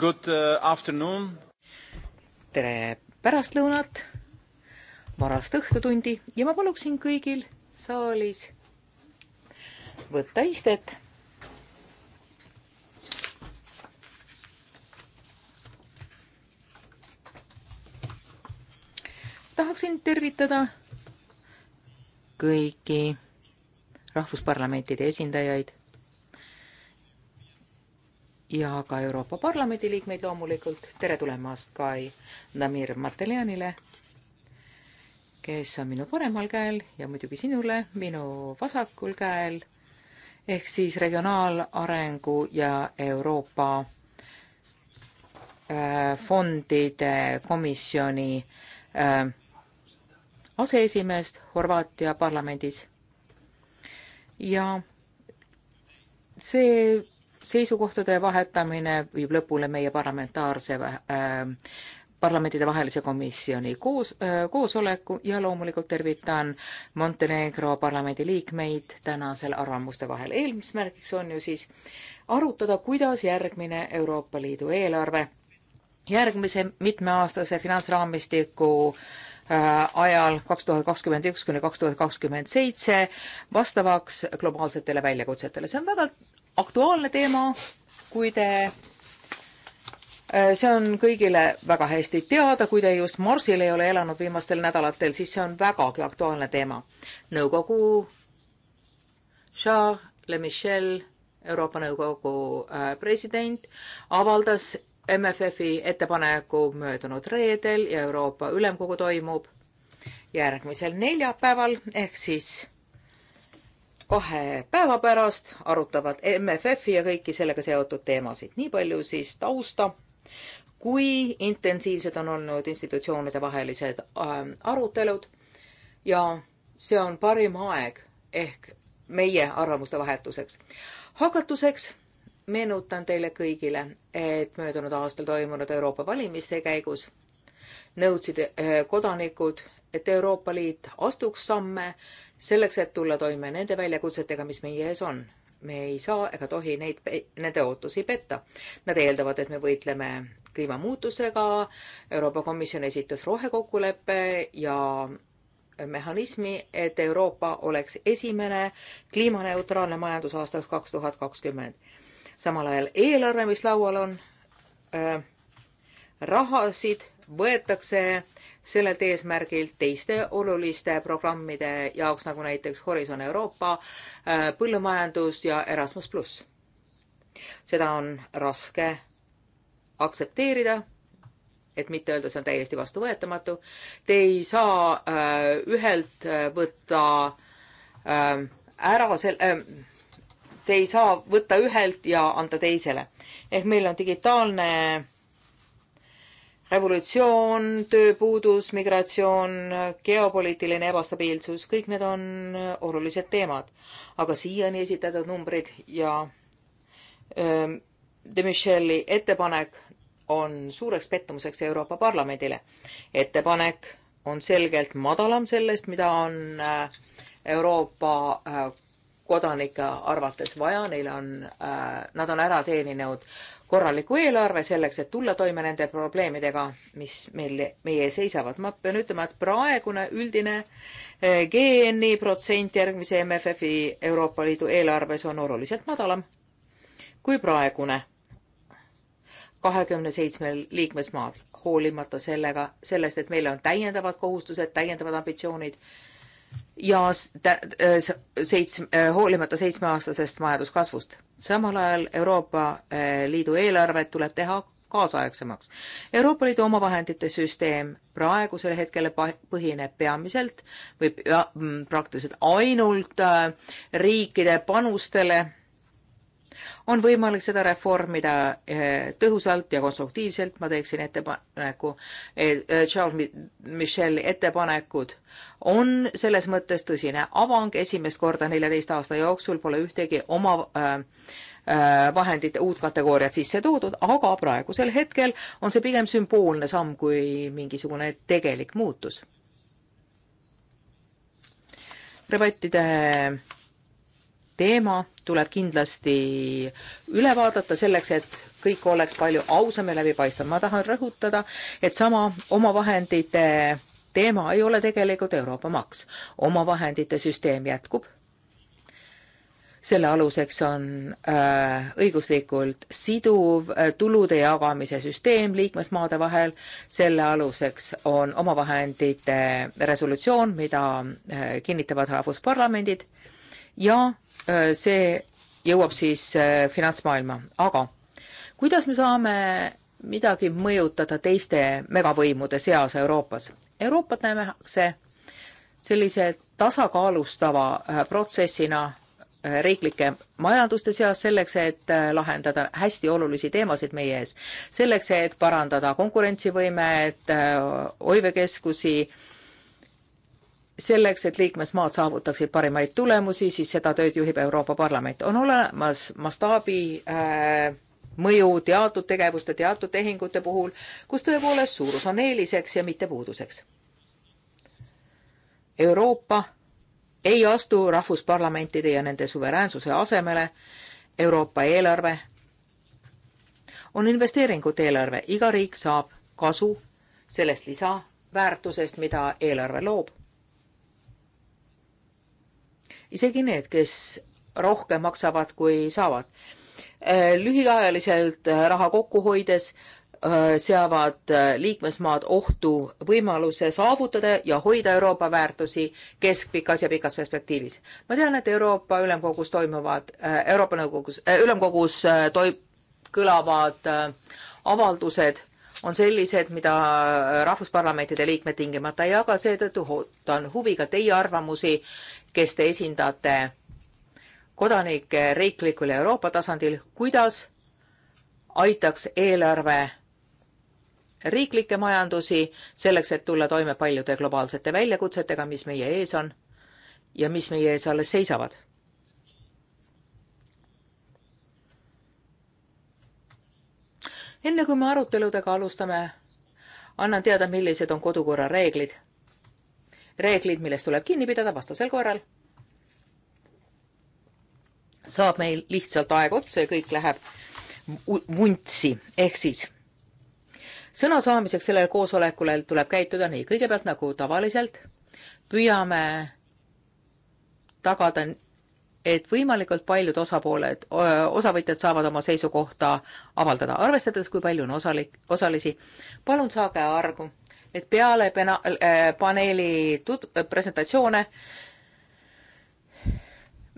Good uh, afternoon. tere pärastlõunat, varast õhtutundi ja ma paluksin kõigil saalis võtta istet. tahaksin tervitada kõiki rahvusparlamentide esindajaid ja ka Euroopa Parlamendi liikmeid loomulikult. tere tulemast ka Namir Mateljanile, kes on minu paremal käel ja muidugi sinule minu vasakul käel ehk siis regionaalarengu ja Euroopa äh, fondide komisjoni äh, aseesimeest Horvaatia parlamendis. ja see seisukohtade vahetamine viib lõpule meie parlamentaarse äh, parlamentidevahelise komisjoni koos äh,, koosoleku ja loomulikult tervitan Montenegro parlamendi liikmeid tänasel arvamuste vahel. eesmärgiks on ju siis arutada, kuidas järgmine Euroopa Liidu eelarve järgmise mitmeaastase finantsraamistiku äh, ajal kaks tuhat kakskümmend üks kuni kaks tuhat kakskümmend seitse vastavaks globaalsetele väljakutsetele. see on väga aktuaalne teema, kui te, äh, see on kõigile väga hästi teada, kui te just Marsil ei ole elanud viimastel nädalatel, siis see on vägagi aktuaalne teema. nõukogu, Charles Le Michel, Euroopa Nõukogu äh, president, avaldas MFF-i ettepaneku möödunud reedel ja Euroopa Ülemkogu toimub järgmisel neljapäeval ehk siis kahe päeva pärast arutavad MFF-i ja kõiki sellega seotud teemasid. nii palju siis tausta, kui intensiivsed on olnud institutsioonide vahelised ähm, arutelud ja see on parim aeg ehk meie arvamuste vahetuseks. hakatuseks meenutan teile kõigile, et möödunud aastal toimunud Euroopa valimiste käigus nõudsid äh, kodanikud, et Euroopa Liit astuks samme selleks, et tulla toime nende väljakutsetega, mis meie ees on. me ei saa ega tohi neid, nende ootusi petta. Nad eeldavad, et me võitleme kliimamuutusega, Euroopa Komisjon esitas rohekokkuleppe ja mehhanismi, et Euroopa oleks esimene kliimaneutraalne majandus aastaks kaks tuhat kakskümmend. samal ajal eelarve, mis laual on äh,, rahasid võetakse äh, sellelt eesmärgilt teiste oluliste programmide jaoks, nagu näiteks Horizon Euroopa, äh, põllumajandus ja Erasmus pluss. seda on raske aktsepteerida et mitte öelda, see on täiesti vastuvõetamatu. Te ei saa äh, ühelt äh, võtta äh, ära sel- äh,, te ei saa võtta ühelt ja anda teisele. ehk meil on digitaalne revolutsioon, tööpuudus, migratsioon, geopoliitiline ebastabiilsus, kõik need on olulised teemad. aga siiani esitatud numbrid ja öö, ähm, De Micheli ettepanek on suureks pettumuseks Euroopa Parlamendile. ettepanek on selgelt madalam sellest, mida on äh, Euroopa äh, kodanike arvates vaja, neil on äh,, nad on ära teeninud korraliku eelarve selleks, et tulla toime nende probleemidega, mis meil, meie ees seisavad. ma pean ütlema, et praegune üldine äh, GNI protsent järgmise MFF-i Euroopa Liidu eelarves on oluliselt madalam kui praegune kahekümne seitsmel liikmesmaal, hoolimata sellega, sellest, et meil on täiendavad kohustused, täiendavad ambitsioonid äh, ja äh, seitsme, äh, hoolimata seitsmeaastasest majanduskasvust. samal ajal Euroopa äh, Liidu eelarvet tuleb teha kaasaegsemaks. Euroopa Liidu omavahendite süsteem praegusel hetkel põhineb peamiselt või praktiliselt ainult riikide panustele on võimalik seda reformida eh, tõhusalt ja konstruktiivselt, ma teeksin ettepaneku, eh, Charles Michel'i ettepanekud on selles mõttes tõsine avang, esimest korda neljateist aasta jooksul pole ühtegi oma äh, vahendite uut kategooriat sisse toodud, aga praegusel hetkel on see pigem sümboolne samm kui mingisugune tegelik muutus. rebattide teema tuleb kindlasti üle vaadata selleks, et kõik oleks palju ausam ja läbipaistvam. ma tahan rõhutada, et sama omavahendite teema ei ole tegelikult Euroopa maks. omavahendite süsteem jätkub. selle aluseks on äh, õiguslikult siduv äh, tulude jagamise süsteem liikmesmaade vahel, selle aluseks on omavahendite resolutsioon, mida äh, kinnitavad rahvusparlamendid ja Äh, see jõuab siis äh, finantsmaailma, aga kuidas me saame midagi mõjutada teiste megavõimude seas Euroopas? Euroopat nähakse sellise tasakaalustava äh, protsessina riiklike majanduste seas selleks, et lahendada hästi olulisi teemasid meie ees. selleks, et parandada konkurentsivõimet, hoivekeskusi äh,, selleks, et liikmesmaad saavutaksid parimaid tulemusi, siis seda tööd juhib Euroopa Parlament. on olemas mastaabi äh, mõju teatud tegevuste, teatud tehingute puhul, kus tõepoolest suurus on eeliseks ja mitte puuduseks. Euroopa ei astu rahvusparlamentide ja nende suveräänsuse asemele. Euroopa eelarve on investeeringute eelarve, iga riik saab kasu sellest lisaväärtusest, mida eelarve loob isegi need, kes rohkem maksavad, kui saavad. Äh, lühiajaliselt äh, raha kokku hoides äh, seavad liikmesmaad ohtu võimaluse saavutada ja hoida Euroopa väärtusi keskpikas ja pikas perspektiivis. ma tean, et Euroopa Ülemkogus toimuvad, Euroopa Nõukogus, Ülemkogus toi-, kõlavad avaldused on sellised, mida rahvusparlamentide liikmed tingimata ei jaga, seetõttu ootan huviga teie arvamusi kes te esindate kodanike riiklikul ja Euroopa tasandil, kuidas aitaks eelarve riiklikke majandusi selleks, et tulla toime paljude globaalsete väljakutsetega, mis meie ees on ja mis meie ees alles seisavad. enne kui me aruteludega alustame, annan teada, millised on kodukorra reeglid reeglid, millest tuleb kinni pidada, vastasel korral saab meil lihtsalt aeg otsa ja kõik läheb vuntsi, ehk siis sõna saamiseks sellel koosolekul tuleb käituda nii, kõigepealt nagu tavaliselt püüame tagada, et võimalikult paljud osapooled, osavõtjad saavad oma seisukohta avaldada, arvestades, kui palju on osalik, osalisi. palun saage argu et peale pena, äh, paneeli tut-, äh, presentatsioone,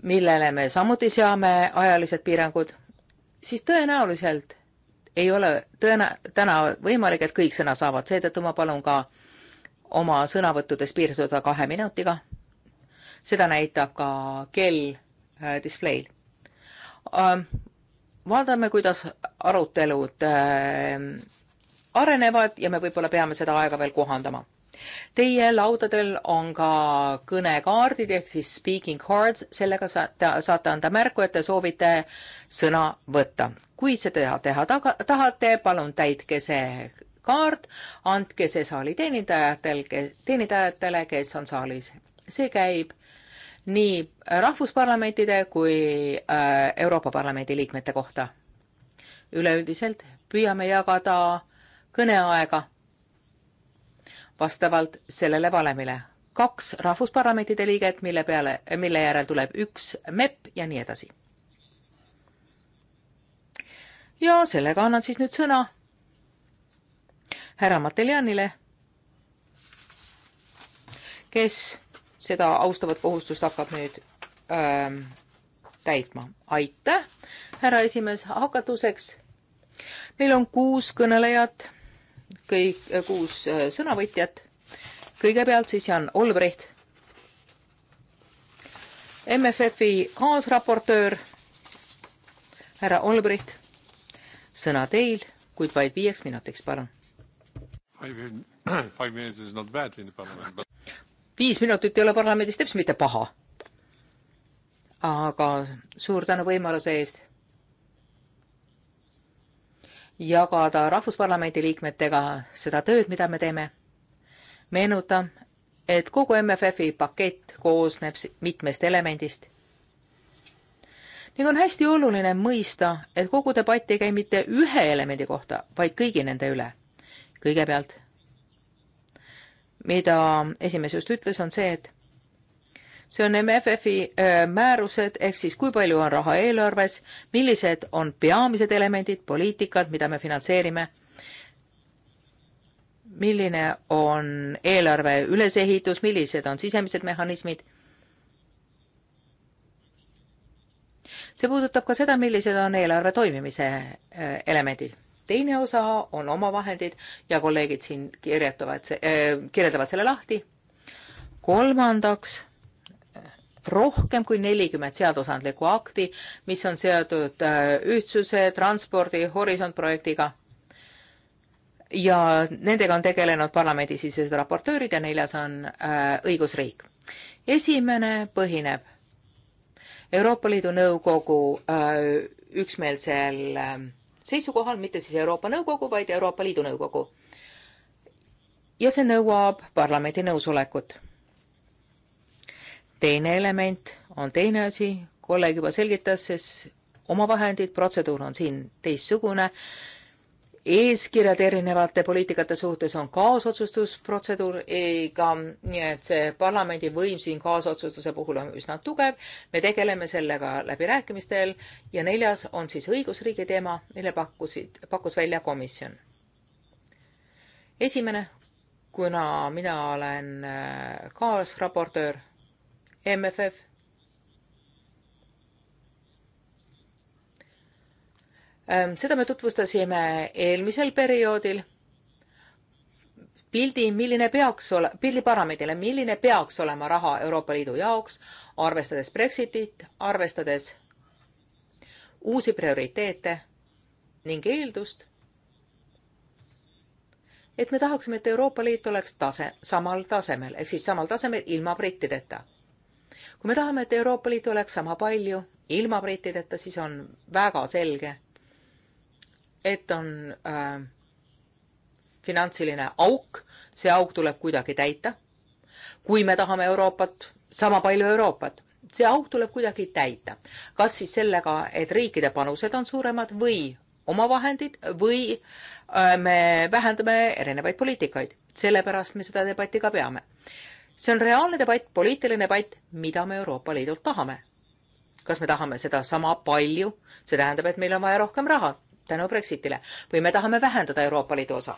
millele me samuti seame ajalised piirangud, siis tõenäoliselt ei ole tõena-, täna võimalik, et kõik sõna saavad, seetõttu ma palun ka oma sõnavõttudes piirduda kahe minutiga. seda näitab ka kell äh, displeil ähm,. vaatame, kuidas arutelud äh, arenevad ja me võib-olla peame seda aega veel kohandama. Teie laudadel on ka kõnekaardid ehk siis speaking cards, sellega saate, saate anda märku, et te soovite sõna võtta. kui seda teha taga, tahate, palun täitke see kaart, andke see saali teenindajatel, teenindajatele, kes on saalis. see käib nii rahvusparlamentide kui äh, Euroopa Parlamendi liikmete kohta. üleüldiselt püüame jagada äh, kõneaega vastavalt sellele valemile. kaks rahvusparlamentide liiget, mille peale, mille järel tuleb üks MEP ja nii edasi. ja sellega annan siis nüüd sõna härra Mateljanile, kes seda austavat kohustust hakkab nüüd öö, ähm, täitma. aitäh, härra esimees, hakatuseks. meil on kuus kõnelejat kõik äh, kuus äh, sõnavõtjat. kõigepealt siis Jan Olbrecht, MFF-i kaasraportöör, härra Olbrecht, sõna teil, kuid vaid viieks minutiks, palun. But... viis minutit ei ole parlamendis teps mitte paha. aga suur tänu võimaluse eest jagada Rahvusparlamendi liikmetega seda tööd, mida me teeme. meenutan, et kogu MFF-i pakett koosneb mitmest elemendist ning on hästi oluline mõista, et kogu debatt ei käi mitte ühe elemendi kohta, vaid kõigi nende üle. kõigepealt, mida esimees just ütles, on see, et see on MFF-i äh, määrused, ehk siis kui palju on raha eelarves, millised on peamised elemendid, poliitikad, mida me finantseerime, milline on eelarve ülesehitus, millised on sisemised mehhanismid. see puudutab ka seda, millised on eelarve toimimise äh, elemendid teine osa on omavahendid ja kolleegid siin kirjutavad, äh, kirjeldavad selle lahti. kolmandaks rohkem kui nelikümmend seadusandlikku akti, mis on seotud äh, ühtsuse, transpordi, Horisont projektiga. ja nendega on tegelenud parlamendisisesed raportöörid ja neljas on äh, õigusriik. esimene põhineb Euroopa Liidu Nõukogu äh, üksmeelsel seisukohal, mitte siis Euroopa Nõukogu, vaid Euroopa Liidu Nõukogu. ja see nõuab parlamendi nõusolekut teine element on teine asi, kolleeg juba selgitas, sest omavahendid, protseduur on siin teistsugune. eeskirjad erinevate poliitikate suhtes on kaasotsustusprotseduur, ega nii, et see parlamendi võim siin kaasotsustuse puhul on üsna tugev. me tegeleme sellega läbirääkimistel ja neljas on siis õigusriigi teema, mille pakkusid, pakkus välja komisjon. esimene, kuna mina olen äh, kaasraportöör MFF. Ähm, seda me tutvustasime eelmisel perioodil. pildi, milline peaks ole, pildi parameedile, milline peaks olema raha Euroopa Liidu jaoks, arvestades Brexitit, arvestades uusi prioriteete ning eeldust, et me tahaksime, et Euroopa Liit oleks tase, samal tasemel ehk siis samal tasemel ilma brittideta kui me tahame, et Euroopa Liit oleks sama palju ilma brittideta, siis on väga selge, et on äh, finantsiline auk, see auk tuleb kuidagi täita. kui me tahame Euroopat, sama palju Euroopat, see auk tuleb kuidagi täita. kas siis sellega, et riikide panused on suuremad või omavahendid või äh, me vähendame erinevaid poliitikaid. sellepärast me seda debatti ka peame see on reaalne debatt, poliitiline debatt, mida me Euroopa Liidult tahame. kas me tahame seda sama palju, see tähendab, et meil on vaja rohkem raha tänu Brexitile või me tahame vähendada Euroopa Liidu osa?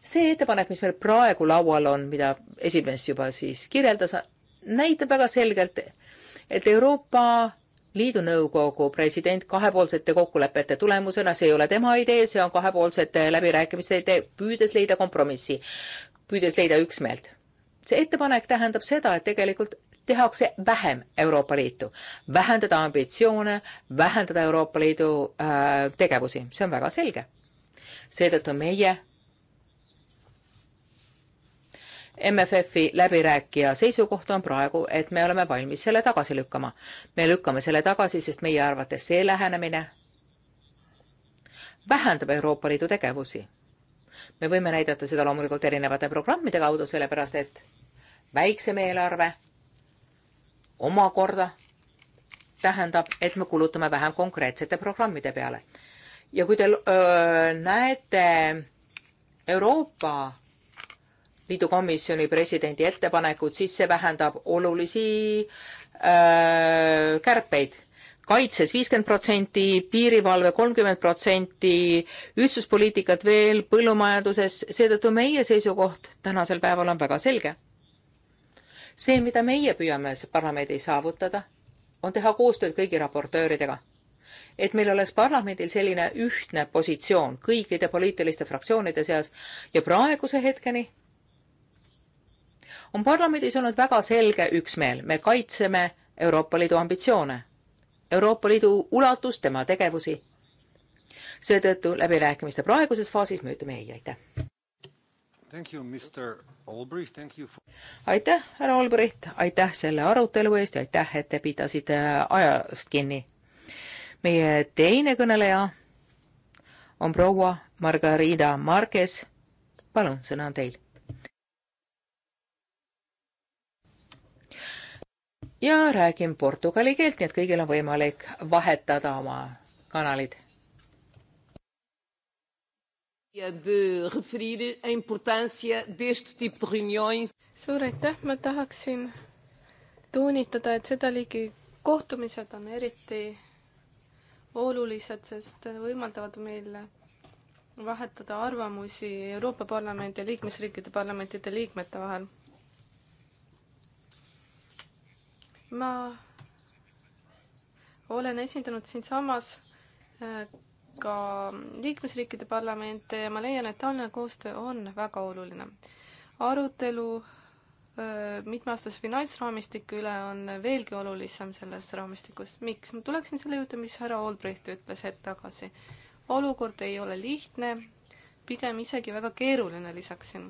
see ettepanek, mis meil praegu laual on, mida esimees juba siis kirjeldas, näitab väga selgelt, et Euroopa Liidu Nõukogu president kahepoolsete kokkulepete tulemusena, see ei ole tema idee, see on kahepoolsete läbirääkimiste idee, püüdes leida kompromissi, püüdes leida üksmeelt see ettepanek tähendab seda, et tegelikult tehakse vähem Euroopa Liitu, vähendada ambitsioone, vähendada Euroopa Liidu äh, tegevusi, see on väga selge. seetõttu meie MFF-i läbirääkija seisukoht on praegu, et me oleme valmis selle tagasi lükkama. me lükkame selle tagasi, sest meie arvates see lähenemine vähendab Euroopa Liidu tegevusi. me võime näidata seda loomulikult erinevate programmide kaudu, sellepärast et väiksem eelarve omakorda tähendab, et me kulutame vähem konkreetsete programmide peale. ja kui te öö, näete Euroopa Liidu komisjoni presidendi ettepanekut, siis see vähendab olulisi öö, kärpeid kaitses viiskümmend protsenti, piirivalve kolmkümmend protsenti, ühtsuspoliitikat veel põllumajanduses, seetõttu meie seisukoht tänasel päeval on väga selge see, mida meie püüame parlamendi saavutada, on teha koostööd kõigi raportööridega. et meil oleks parlamendil selline ühtne positsioon kõikide poliitiliste fraktsioonide seas ja praeguse hetkeni on parlamendis olnud väga selge üksmeel, me kaitseme Euroopa Liidu ambitsioone, Euroopa Liidu ulatust, tema tegevusi. seetõttu läbirääkimiste praeguses faasis me ütleme ei, aitäh. For... aitäh, härra Olbricht, aitäh selle arutelu eest ja aitäh, et te pidasite äh, ajast kinni. meie teine kõneleja on proua Margarida Marges. palun, sõna on teil. ja räägin portugali keelt, nii et kõigil on võimalik vahetada oma kanalid de referir a importância deste tipo de reuniões. suur aitäh, ma tahaksin toonitada, et seda liigi kohtumised on eriti olulised, sest võimaldavad meil vahetada arvamusi Euroopa Parlamendi ja liikmesriikide parlamentide liikmete vahel. ma olen esindanud siinsamas äh, ka liikmesriikide parlamente ja ma leian, et taoline koostöö on väga oluline. arutelu mitmeaastase finantsraamistiku üle on veelgi olulisem selles raamistikus. miks? ma tuleksin selle juurde, mis härra Olbricht ütles hetk tagasi. olukord ei ole lihtne, pigem isegi väga keeruline, lisaksin.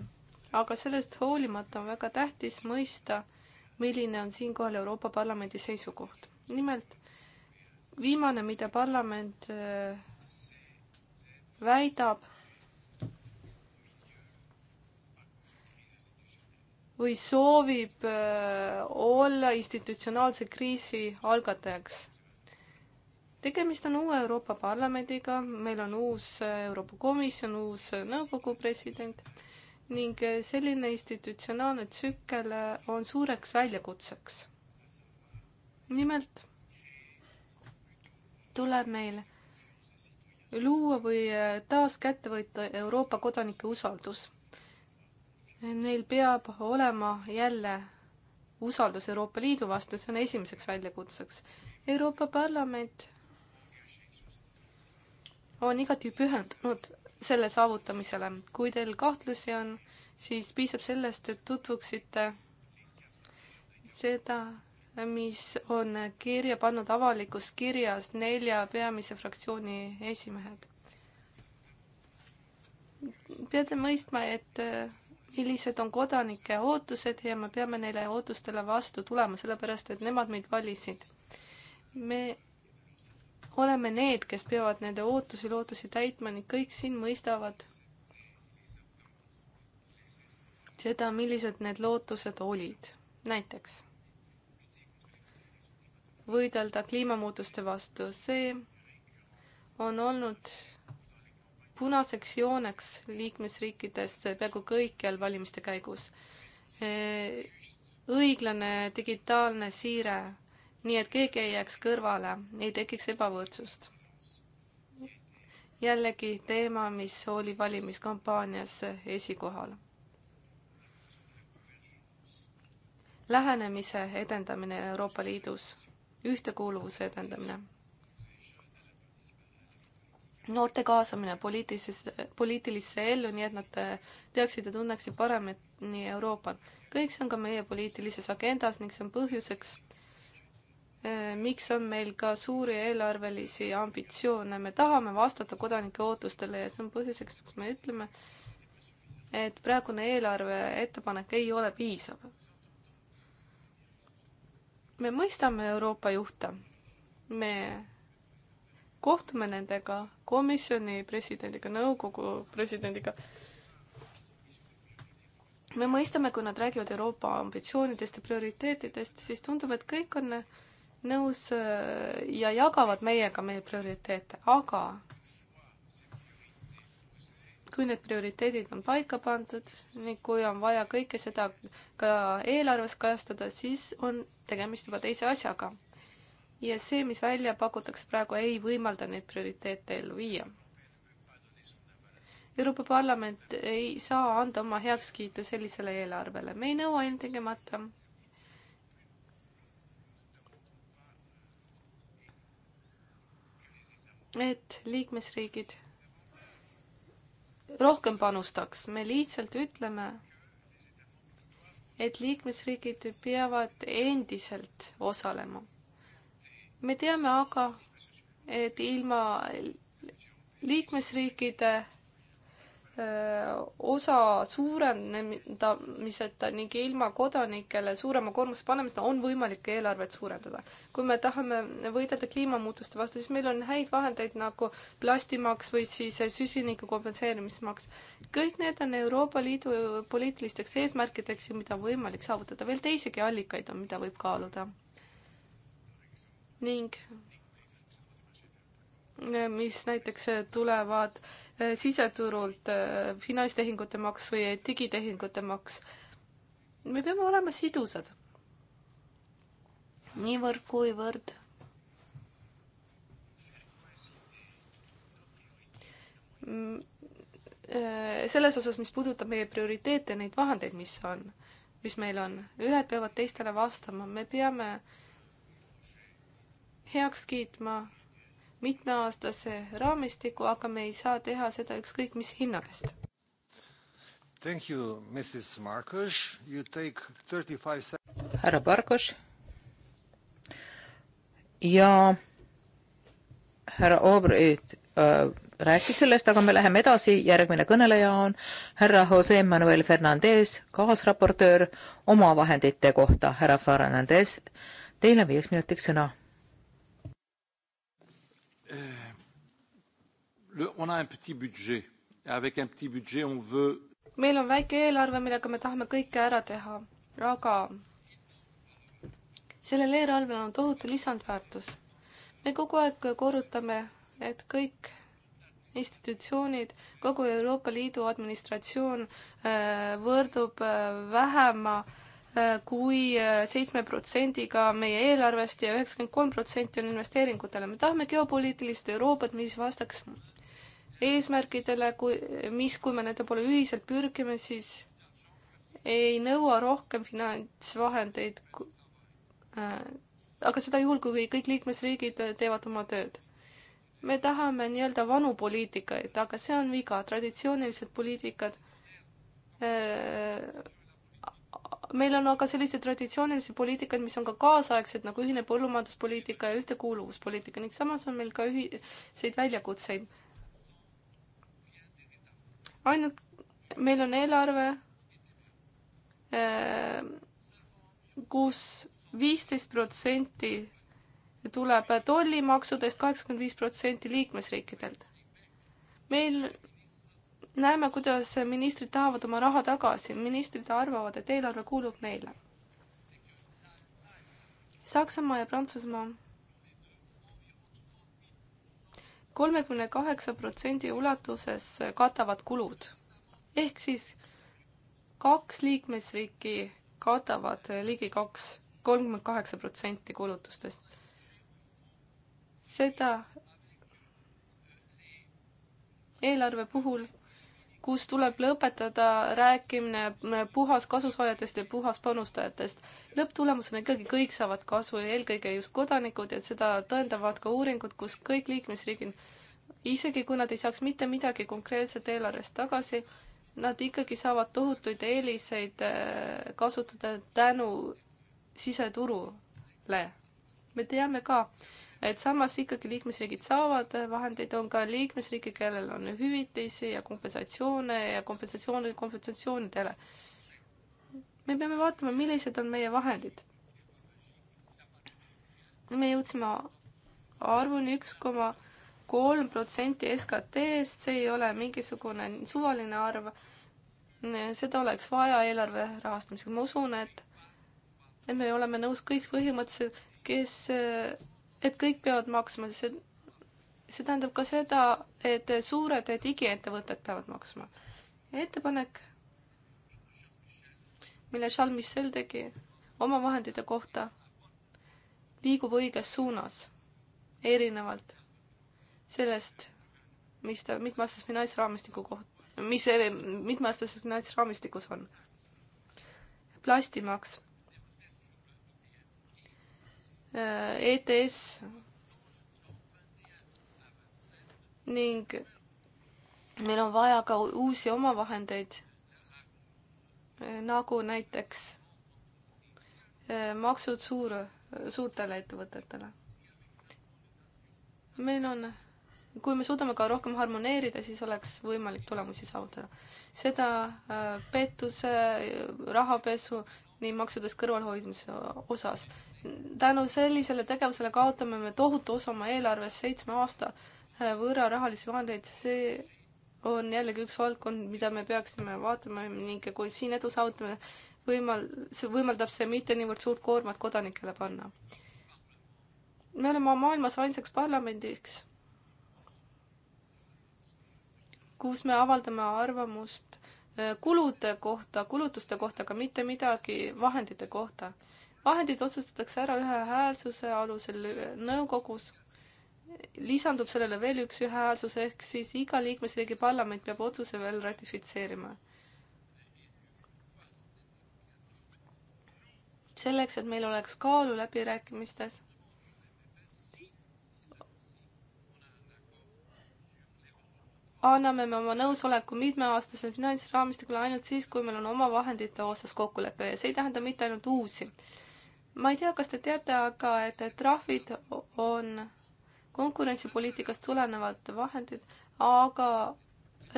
aga sellest hoolimata on väga tähtis mõista, milline on siinkohal Euroopa Parlamendi seisukoht. nimelt viimane, mida parlament väidab või soovib äh, olla institutsionaalse kriisi algatajaks. tegemist on uue Euroopa Parlamendiga, meil on uus äh, Euroopa Komisjon, uus äh, nõukogu president ning selline institutsionaalne tsükkel on suureks väljakutseks. nimelt tuleb meil luua või äh, taas kätte võita Euroopa kodanike usaldus. Neil peab olema jälle usaldus Euroopa Liidu vastu, see on esimeseks väljakutseks. Euroopa Parlament on igati pühendunud selle saavutamisele. kui teil kahtlusi on, siis piisab sellest, et tutvuksite seda mis on kirja pannud avalikus kirjas nelja peamise fraktsiooni esimehed. peate mõistma, et äh, millised on kodanike ootused ja me peame neile ootustele vastu tulema, sellepärast et nemad meid valisid. me oleme need, kes peavad nende ootusi, lootusi täitma ning kõik siin mõistavad seda, millised need lootused olid. näiteks võidelda kliimamuutuste vastu. see on olnud punaseks jooneks liikmesriikides peaaegu kõikjal valimiste käigus. E, õiglane digitaalne siire, nii et keegi ei jääks kõrvale, ei tekiks ebavõrdsust. jällegi teema, mis oli valimiskampaanias esikohal lähenemise edendamine Euroopa Liidus ühtekuuluvuse edendamine. noorte kaasamine poliitilisesse, poliitilisse ellu, nii et nad äh, teaksid ja tunneksid paremini Euroopat. kõik see on ka meie poliitilises agendas ning see on põhjuseks, äh, miks on meil ka suuri eelarvelisi ambitsioone. me tahame vastata kodanike ootustele ja see on põhjuseks, miks me ütleme, et praegune eelarve ettepanek ei ole piisav me mõistame Euroopa juhte, me kohtume nendega, komisjoni presidendiga, nõukogu presidendiga. me mõistame, kui nad räägivad Euroopa ambitsioonidest ja prioriteetidest, siis tundub, et kõik on nõus äh, ja jagavad meiega meie prioriteete, aga kui need prioriteedid on paika pandud ning kui on vaja kõike seda ka eelarves kajastada, siis on tegemist juba teise asjaga. ja see, mis välja pakutakse praegu, ei võimalda neid prioriteete ellu viia. Euroopa Parlament ei saa anda oma heakskiitu sellisele eelarvele, me ei nõua ilmtingimata et liikmesriigid rohkem panustaks, me lihtsalt ütleme, et liikmesriigid peavad endiselt osalema. me teame aga, et ilma liikmesriikide osa suurendamiseta ning ilma kodanikele suurema koormuse panemiseta on võimalik eelarvet suurendada. kui me tahame võidelda kliimamuutuste vastu, siis meil on häid vahendeid nagu plastimaks või siis süsiniku kompenseerimismaks. kõik need on Euroopa Liidu poliitilisteks eesmärkideks ja mida on võimalik saavutada. veel teisigi allikaid on, mida võib kaaluda. ning mis näiteks tulevad äh, Äh, siseturult, äh, finantstehingute maks või digitehingute maks. me peame olema sidusad. niivõrd, kuivõrd. Mm, äh, selles osas, mis puudutab meie prioriteete, neid vahendeid, mis on, mis meil on, ühed peavad teistele vastama, me peame heaks kiitma mitmeaastase raamistiku, aga me ei saa teha seda ükskõik mis hinna eest. Thank you, Mrs Markus, you take thirty five seconds. härra Markus. ja härra Obrit äh, rääkis sellest, aga me läheme edasi, järgmine kõneleja on härra Jose Manuel Fernandez, kaasraportöör omavahendite kohta. härra Fernandez, teil on viieks minutiks sõna meil on väike eelarve, millega me tahame kõike ära teha, aga sellel eelarvel on tohutu lisandväärtus. me kogu aeg korrutame, et kõik institutsioonid, kogu Euroopa Liidu administratsioon äh, võrdub äh, vähema äh, kui seitsme protsendiga meie eelarvest ja üheksakümmend kolm protsenti on investeeringutele. me tahame geopoliitilist Euroopat, mis vastaks eesmärkidele, kui, mis, kui me nende poole ühiselt pürgime, siis ei nõua rohkem finantsvahendeid äh,. aga seda juhul, kui kõik liikmesriigid teevad oma tööd. me tahame nii-öelda vanu poliitikaid, aga see on viga, traditsioonilised poliitikad äh, meil on aga sellised traditsioonilised poliitikad, mis on ka kaasaegsed nagu ühine põllumajanduspoliitika ja ühtekuuluvuspoliitika ning samas on meil ka ühiseid väljakutseid ainult, meil on eelarve, äh, kus viisteist protsenti tuleb tollimaksudest, kaheksakümmend viis protsenti liikmesriikidelt. meil näeme, kuidas ministrid tahavad oma raha tagasi, ministrid arvavad, et eelarve kuulub neile. Saksamaa ja Prantsusmaa kolmekümne kaheksa protsendi ulatuses katavad kulud. ehk siis kaks liikmesriiki katavad ligi kaks, kolmkümmend kaheksa protsenti kulutustest. seda eelarve puhul kus tuleb lõpetada rääkimine puhas kasusaajatest ja puhas panustajatest. lõpptulemusena ikkagi kõik saavad kasu ja eelkõige just kodanikud ja seda tõendavad ka uuringud, kus kõik liikmesriigid, isegi kui nad ei saaks mitte midagi konkreetset eelarvest tagasi, nad ikkagi saavad tohutuid eeliseid äh, kasutada tänu siseturule. me teame ka, et samas ikkagi liikmesriigid saavad vahendeid, on ka liikmesriike, kellel on hüvitisi ja kompensatsioone ja kompensatsioone kompensatsioonidele. me peame vaatama, millised on meie vahendid. me jõudsime arvuni üks koma kolm protsenti SKT-st, see ei ole mingisugune suvaline arv. seda oleks vaja eelarve rahastamisega, ma usun, et et me oleme nõus kõik põhimõtteliselt, kes et kõik peavad maksma, see, see tähendab ka seda, et suured digiettevõtted peavad maksma. ettepanek, mille Charles Michel tegi oma vahendite kohta, liigub õiges suunas, erinevalt sellest, mis ta mitmeaastase finantsraamistiku koht, mis mitmeaastases finantsraamistikus on. plastimaks Äh, ETS ning meil on vaja ka uusi omavahendeid, äh, nagu näiteks äh, maksud suur, suurtele ettevõtetele. meil on, kui me suudame ka rohkem harmoneerida, siis oleks võimalik tulemusi saavutada. seda pettuse, rahapesu nii maksudest kõrvalhoidmise osas. tänu sellisele tegevusele kaotame me tohutu osa oma eelarvest seitsme aasta äh, võrra rahalisi vahendeid, see on jällegi üks valdkond, mida me peaksime vaatama ning kui siin edu saavutame, võimal-, see võimaldab see mitte niivõrd suurt koormat kodanikele panna. me oleme maailmas ainsaks parlamendiks, kus me avaldame arvamust Äh, kulude kohta, kulutuste kohta, aga mitte midagi vahendite kohta. vahendid otsustatakse ära ühehäälsuse alusel nõukogus, lisandub sellele veel üks ühehäälsus, ehk siis iga liikmesriigi parlament peab otsuse veel ratifitseerima. selleks, et meil oleks kaalu läbirääkimistes anname me oma nõusoleku mitmeaastase finantsraamistikule ainult siis, kui meil on oma vahendite osas kokkulepe ja see ei tähenda mitte ainult uusi. ma ei tea, kas te teate aga, et trahvid on konkurentsipoliitikast tulenevad vahendid, aga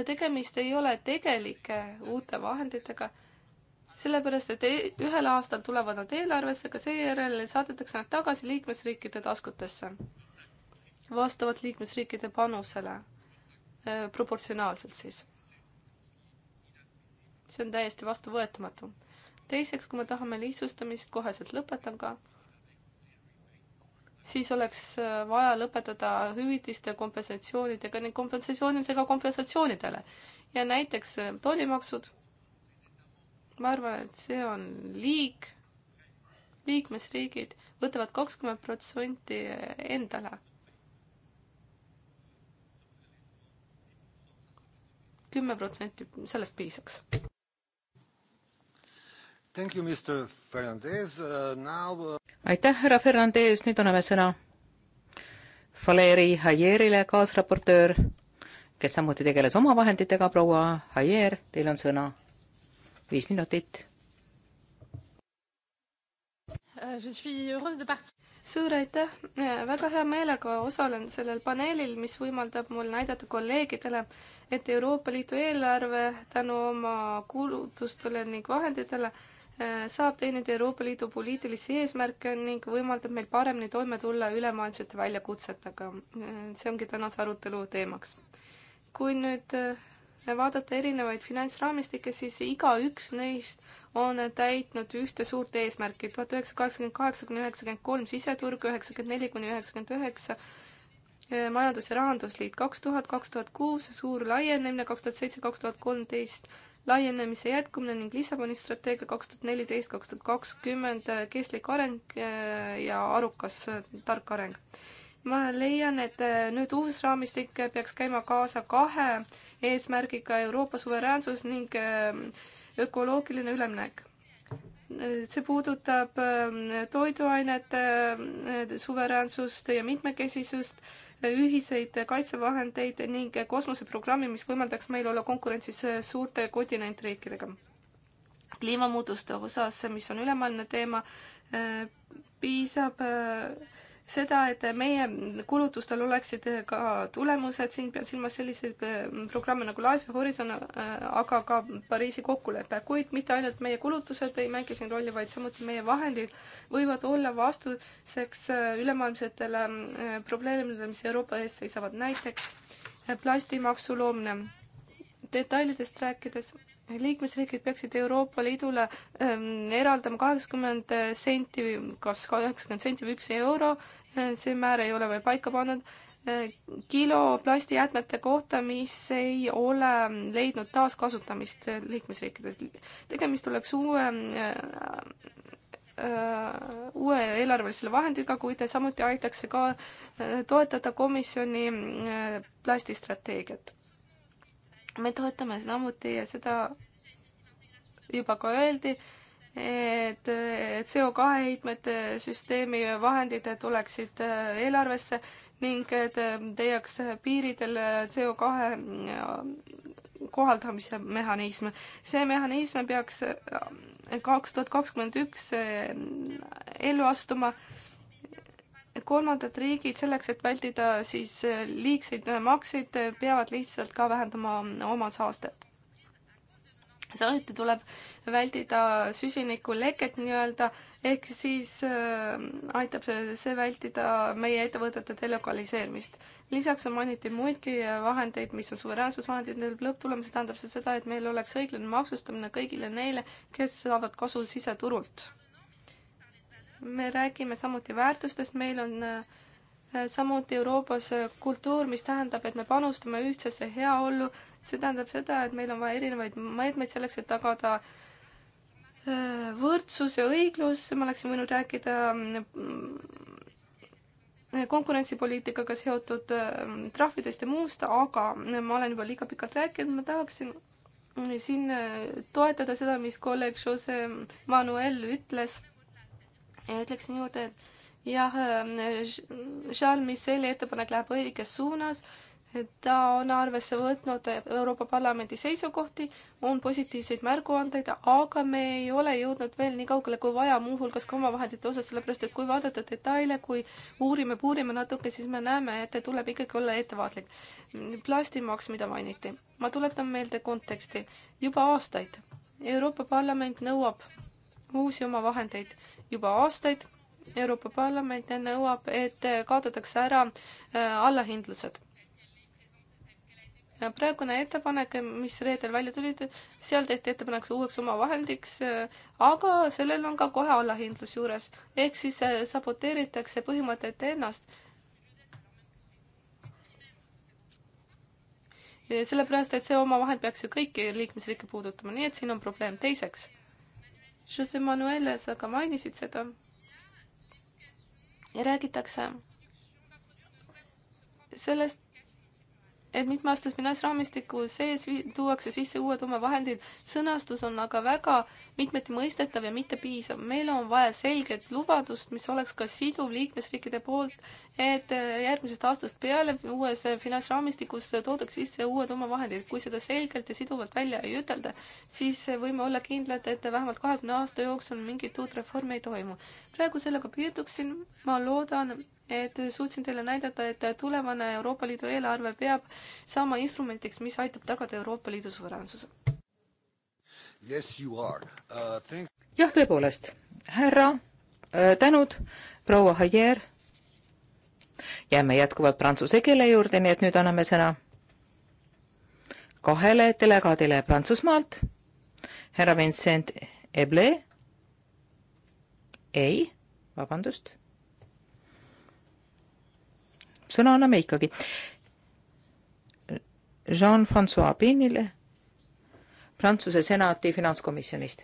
tegemist ei ole tegelike uute vahenditega, sellepärast et e-, ühel aastal tulevad nad eelarvesse, aga seejärel saadetakse nad tagasi liikmesriikide taskutesse vastavalt liikmesriikide panusele Äh, proportsionaalselt siis. see on täiesti vastuvõetamatu. teiseks, kui me tahame lihtsustamist, koheselt lõpetan ka, siis oleks äh, vaja lõpetada hüvitiste kompensatsioonidega ning kompensatsioonidega kompensatsioonidele. ja näiteks äh, tollimaksud, ma arvan, et see on liig liikmesriigid võtavad kakskümmend protsenti endale. kümme protsenti, sellest piisaks. Thank you, Mr Fernandez uh,, now uh, aitäh, härra Fernandez, nüüd anname sõna Valeri Hayerile, kaasraportöör, kes samuti tegeles omavahenditega, proua Hayer, teil on sõna. viis minutit Äh, suur aitäh, äh, väga hea meelega osalen sellel paneelil, mis võimaldab mul näidata kolleegidele, et Euroopa Liidu eelarve tänu oma kulutustele ning vahenditele äh, saab teenida Euroopa Liidu poliitilisi eesmärke ning võimaldab meil paremini toime tulla ülemaailmsete väljakutsetega. see ongi tänase arutelu teemaks. kui nüüd vaadata erinevaid finantsraamistikke, siis igaüks neist on täitnud ühte suurt eesmärki, tuhat üheksasada kaheksakümmend kaheksa kuni üheksakümmend kolm siseturg, üheksakümmend neli kuni üheksakümmend üheksa eh, majandus- ja rahandusliit kaks tuhat, kaks tuhat kuus suur laienemine, kaks tuhat seitse, kaks tuhat kolmteist laienemise jätkumine ning Lissaboni strateegia kaks tuhat neliteist, kaks tuhat kakskümmend eh, kestlik areng eh, ja arukas tark areng ma leian, et äh, nüüd uus raamistik peaks käima kaasa kahe eesmärgiga Euroopa suveräänsus ning äh, ökoloogiline üleminek. see puudutab äh, toiduainete suveräänsust ja mitmekesisust, ühiseid kaitsevahendeid ning kosmoseprogrammi, mis võimaldaks meil olla konkurentsis suurte kontinentriikidega. kliimamuutuste osas, mis on ülemaailmne teema, piisab äh, seda, et meie kulutustel oleksid ka tulemused, siin pean silmas selliseid äh, programme nagu Life ja Horizon, äh, aga ka Pariisi kokkulepe, kuid mitte ainult meie kulutused ei mängi siin rolli, vaid samuti meie vahendid võivad olla vastuseks äh, ülemaailmsetele probleemidele, mis Euroopa ees seisavad, näiteks plastimaksu loomine. detailidest rääkides liikmesriigid peaksid Euroopa Liidule ähm, eraldama kaheksakümmend senti, kas kaheksakümmend senti või üks euro, äh, see määr ei ole veel paika pannud äh,, kilo plastijäätmete kohta, mis ei ole leidnud taaskasutamist äh, liikmesriikides. tegemist oleks uue äh, äh uue eelarvelisele vahendiga, kuid samuti aitaks see ka toetada komisjoni plastistrateegiat me toetame samuti ja seda juba ka öeldi, et CO2 heitmete süsteemi vahendid tuleksid äh, eelarvesse ning teeks äh, piiridel äh, CO2 kohaldamise mehhanism. see mehhanism peaks kaks tuhat kakskümmend üks ellu astuma kolmandad riigid selleks, et vältida siis äh, liigseid äh, makseid, äh, peavad lihtsalt ka vähendama mm, oma saastet. samuti tuleb vältida süsinikuleket nii-öelda, ehk siis äh, aitab see, see vältida meie ettevõtete delokaliseerimist. lisaks mainiti muidki vahendeid, mis on suveräänsusvahendid, nende lõpptulemus tähendab see seda, et meil oleks õiglane maksustamine kõigile neile, kes saavad kasu siseturult me räägime samuti väärtustest, meil on äh, samuti Euroopas äh, kultuur, mis tähendab, et me panustame ühtsesse heaollu, see tähendab seda, et meil on vaja erinevaid meetmeid selleks, et tagada äh, võrdsus ja õiglus, ma oleksin võinud rääkida mm, konkurentsipoliitikaga seotud trahvidest ja muust, aga ma olen juba liiga pikalt rääkinud, ma tahaksin mm, siin toetada seda, mis kolleeg Jose Manuel ütles ja ütleksin juurde, et jah, ähm, Charles Micheli ettepanek läheb õiges suunas, ta on arvesse võtnud Euroopa Parlamendi seisukohti, on positiivseid märguandeid, aga me ei ole jõudnud veel nii kaugele kui vaja, muuhulgas ka omavahendite osas, sellepärast et kui vaadata detaile, kui uurime, puurime natuke, siis me näeme, et tuleb ikkagi olla ettevaatlik. plastimaks, mida mainiti, ma tuletan meelde konteksti, juba aastaid Euroopa Parlament nõuab uusi omavahendeid juba aastaid. Euroopa Parlament nõuab, et kaotatakse ära äh, allahindlused. praegune ettepanek, mis reedel välja tulid, seal tehti ettepanek uueks omavahendiks, äh, aga sellel on ka kohe allahindlus juures, ehk siis äh, saboteeritakse põhimõtet ennast sellepärast, et see omavahend peaks ju kõiki liikmesriike puudutama, nii et siin on probleem. teiseks, Jose Manuel, sa ka mainisid seda. räägitakse sellest, et mitmeaastase finantsraamistiku sees tuuakse sisse uued oma vahendid, sõnastus on aga väga mitmeti mõistetav ja mitte piisav. meil on vaja selget lubadust, mis oleks ka siduv liikmesriikide poolt, et järgmisest aastast peale uues finantsraamistikus toodaks sisse uued oma vahendid. kui seda selgelt ja siduvalt välja ei ütelda, siis võime olla kindlad, et vähemalt kahekümne aasta jooksul mingit uut reformi ei toimu. praegu sellega piirduksin, ma loodan, et suutsin teile näidata, et tulevane Euroopa Liidu eelarve peab saama instrumentiks, mis aitab tagada Euroopa Liidu suveräänsuse yes,. Uh, jah, tõepoolest, härra, äh, tänud, proua Haier. jääme jätkuvalt prantsuse keele juurde, nii et nüüd anname sõna kahele delegaadile Prantsusmaalt, härra Vincent Eble. ei, vabandust sõna anname ikkagi. Jean-Francois Pinile Prantsuse senati finantskomisjonist.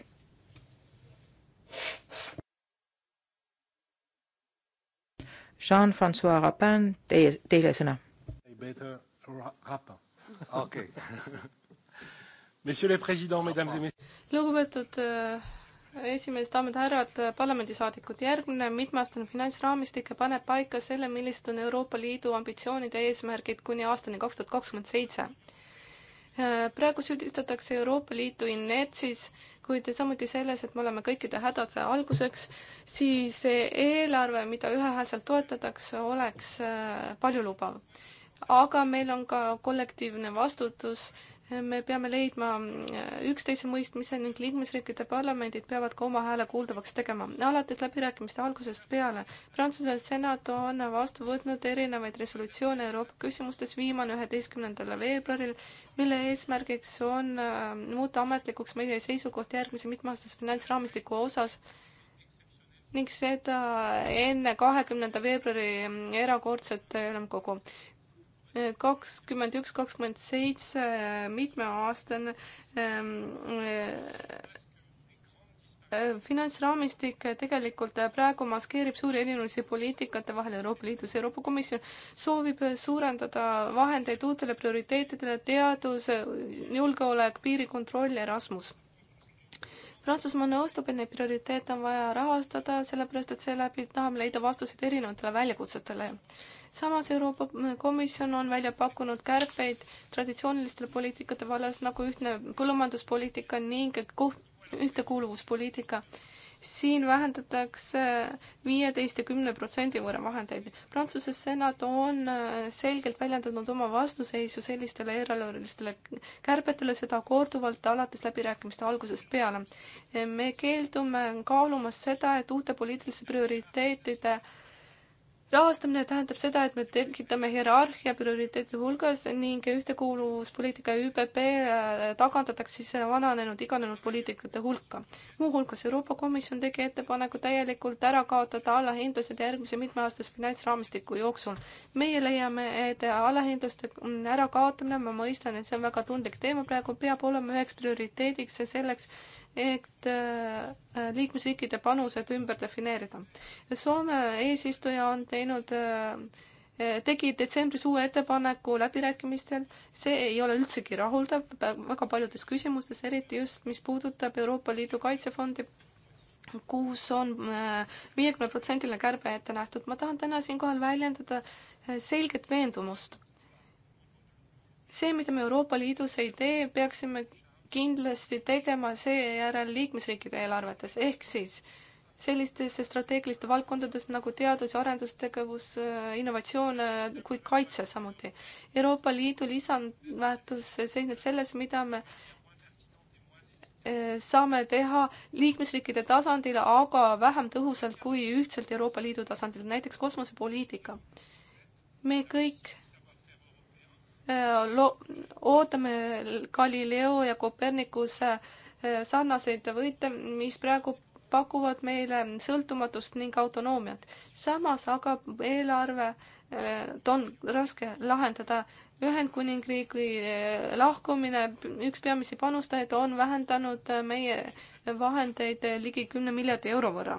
Jean-Francois Rapin, teie, teile sõna. okei. lugupeetud äh esimees, daamid ja härrad, parlamendisaadikud, järgmine mitmeaastane finantsraamistik paneb paika selle, millised on Euroopa Liidu ambitsioonid ja eesmärgid kuni aastani kaks tuhat kakskümmend seitse. praegu süüdistatakse Euroopa Liitu inertsis, kuid samuti selles, et me oleme kõikide hädade alguseks, siis eelarve, mida ühehäälselt toetatakse, oleks äh, paljulubav. aga meil on ka kollektiivne vastutus me peame leidma äh, üksteise mõistmise ning liikmesriikide parlamendid peavad ka oma hääle kuuldavaks tegema. alates läbirääkimiste algusest peale Prantsuse senat on vastu võtnud erinevaid resolutsioone Euroopa küsimustes, viimane üheteistkümnendal veebruaril, mille eesmärgiks on äh, muuta ametlikuks meie seisukoht järgmise mitmeaastase finantsraamistiku osas ning seda enne kahekümnenda veebruari äh, erakordset ülemkogu kakskümmend üks, kakskümmend seitse mitmeaastane ehm, eh, eh, finantsraamistik tegelikult praegu maskeerib suuri erinevusi poliitikate vahel Euroopa Liidus. Euroopa Komisjon soovib suurendada vahendeid uutele prioriteetidele teadus, julgeolek, piirikontroll, Erasmus. Prantsusmaa nõustub, et neid prioriteete on vaja rahastada, sellepärast et seeläbi tahame leida vastuseid erinevatele väljakutsetele samas Euroopa Komisjon on välja pakkunud kärpeid traditsiooniliste poliitikate vallas nagu ühtne põllumajanduspoliitika ning koht, ühtekuuluvuspoliitika. siin vähendatakse viieteist ja kümne protsendi võrra vahendeid. Prantsuse senat on äh, selgelt väljendanud oma vastuseisu sellistele eelarvelistele kärbetele, seda korduvalt alates läbirääkimiste algusest peale. me keeldume kaalumas seda, et uute poliitiliste prioriteetide äh, rahastamine tähendab seda, et me tekitame hierarhia prioriteetide hulgas ning ühtekuuluvuspoliitika ja ÜPP äh, tagandatakse siis vananenud, iganenud poliitikate hulka. muuhulgas Euroopa Komisjon tegi ettepaneku täielikult ära kaotada allahindlused järgmise mitmeaastase finantsraamistiku jooksul. meie leiame, et allahindluste mm, ärakaotamine, ma mõistan, et see on väga tundlik teema praegu, peab olema üheks prioriteediks ja selleks, et äh, liikmesriikide panused ümber defineerida. Soome eesistuja on teinud, äh, tegi detsembris uue ettepaneku läbirääkimistel, see ei ole üldsegi rahuldav väga paljudes küsimustes, eriti just, mis puudutab Euroopa Liidu kaitsefondi, kus on äh, viiekümneprotsendiline kärbe ette nähtud. ma tahan täna siinkohal väljendada selget veendumust. see, mida me Euroopa Liidus ei tee, peaksime kindlasti tegema seejärel liikmesriikide eelarvetes, ehk siis sellistes strateegilistes valdkondades nagu teadus- ja arendustegevus, äh, innovatsioon, äh, kuid kaitse samuti. Euroopa Liidu lisandväärtus seisneb selles, mida me äh, saame teha liikmesriikide tasandil, aga vähem tõhusalt kui ühtselt Euroopa Liidu tasandil, näiteks kosmosepoliitika. me kõik Äh, lo-, ootame Galileo ja Kopernikuse äh, sarnaseid võite, mis praegu pakuvad meile sõltumatust ning autonoomiat. samas aga eelarve äh, on raske lahendada. Ühendkuningriigi lahkumine, üks peamisi panustajaid, on vähendanud meie vahendeid ligi kümne miljardi euro võrra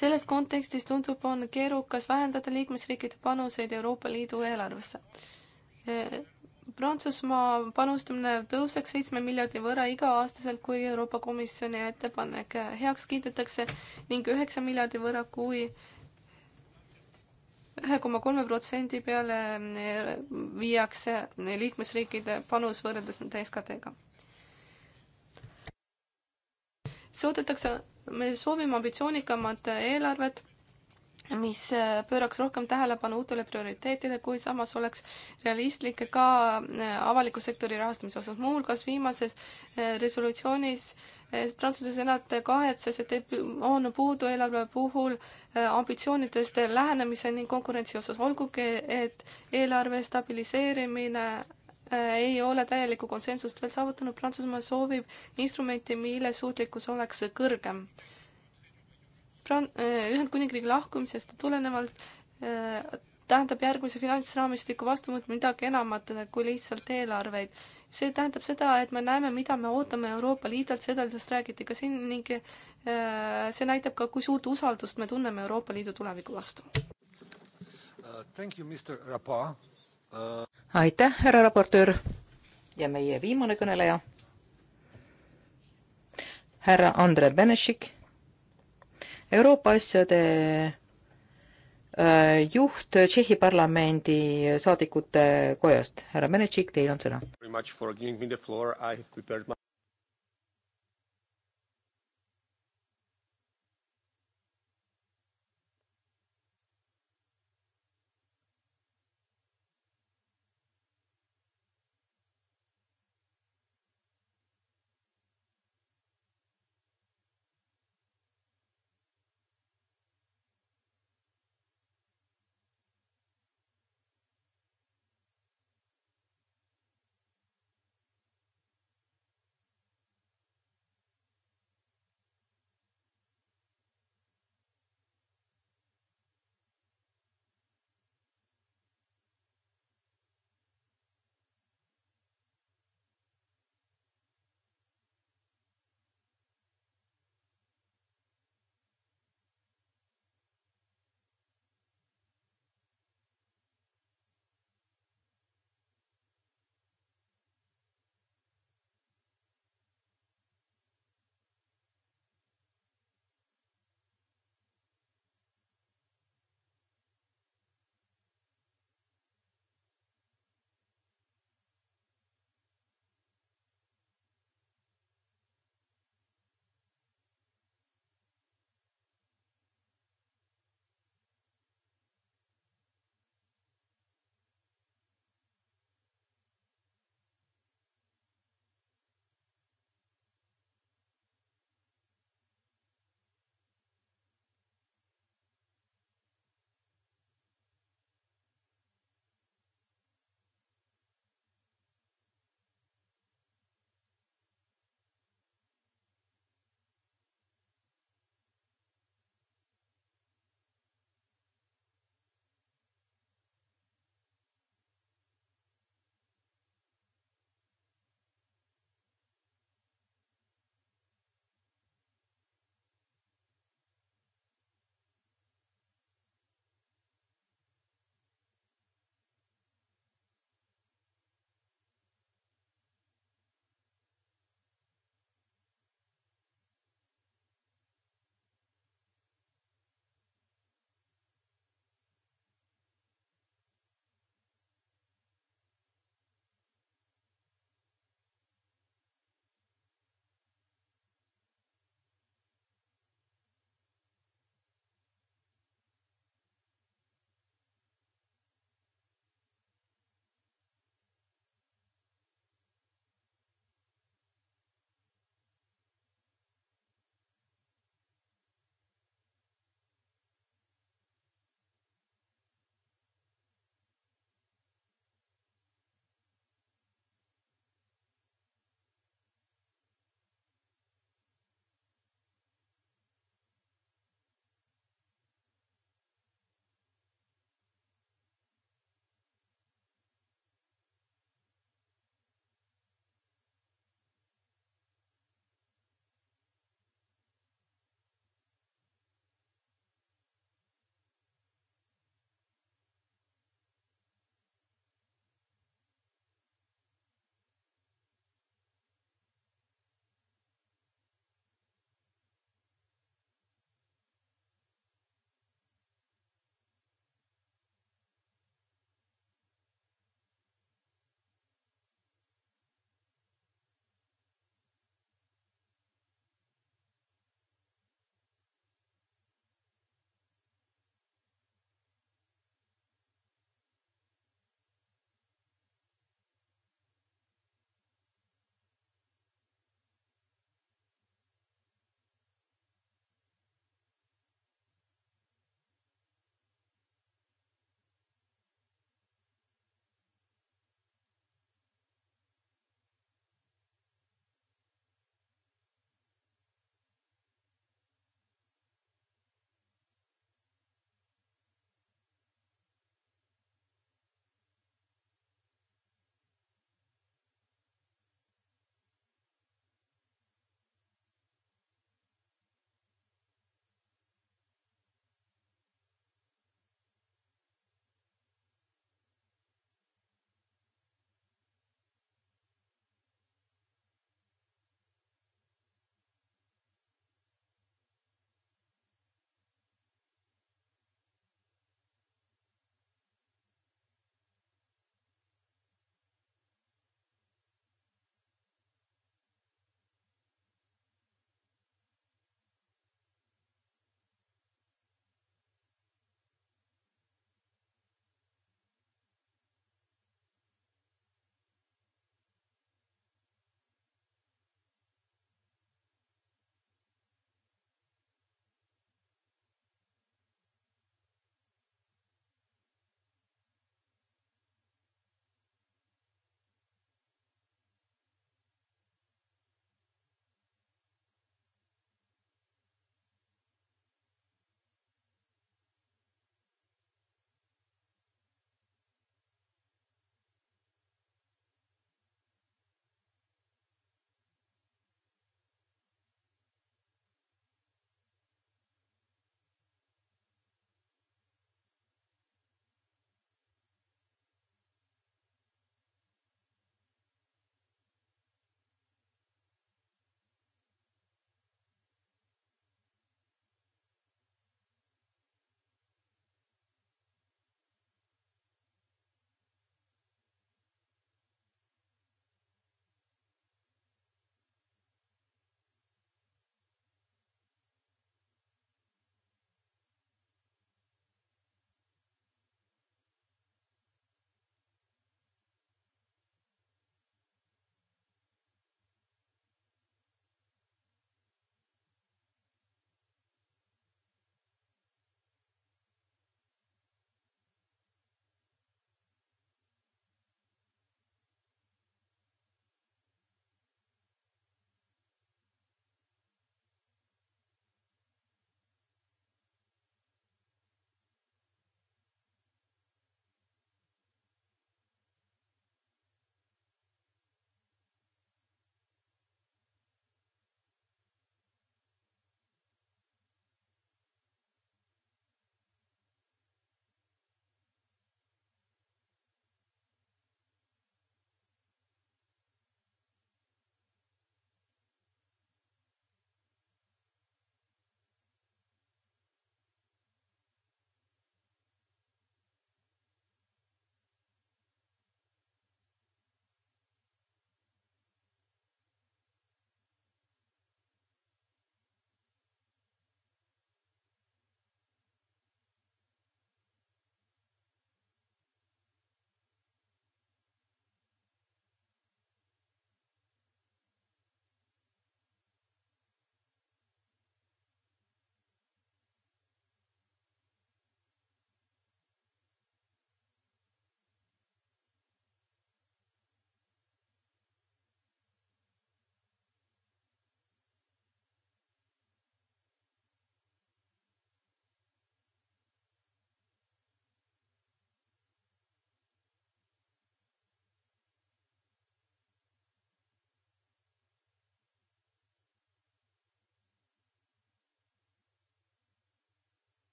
selles kontekstis tundub, on keerukas vähendada liikmesriikide panuseid Euroopa Liidu eelarvesse. Prantsusmaa panustamine tõuseks seitsme miljardi võrra iga-aastaselt, kui Euroopa Komisjoni ettepanek heaks kiidetakse ning üheksa miljardi võrra, kui ühe koma kolme protsendi peale viiakse liikmesriikide panus võrreldes nende SKT-ga. suudetakse me soovime ambitsioonikamat eelarvet, mis pööraks rohkem tähelepanu uutele prioriteetidele, kui samas oleks realistlik ka äh, avaliku sektori rahastamise osas. muuhulgas viimases äh, resolutsioonis äh, Prantsuse senat kahetses, et on puudu eelarve puhul ambitsioonidest lähenemise ning konkurentsi osas, olgugi et eelarve stabiliseerimine Äh, ei ole täielikku konsensust veel saavutanud, Prantsusmaa soovib instrumenti, mille suutlikkus oleks kõrgem. Pran-, äh, Ühendkuningriigi lahkumisest tulenevalt äh, tähendab järgmise finantsraamistiku vastuvõtmine midagi enamat kui lihtsalt eelarveid. see tähendab seda, et me näeme, mida me ootame Euroopa Liidult, sellest räägiti ka siin ning see näitab ka, kui suurt usaldust me tunneme Euroopa Liidu tuleviku vastu. Uh, thank you, Mr Rapa aitäh, härra raportöör ja meie viimane kõneleja, härra Andre Benešik, Euroopa asjade äh, juht Tšehhi parlamendi saadikute kojast. härra Benešik, teil on sõna.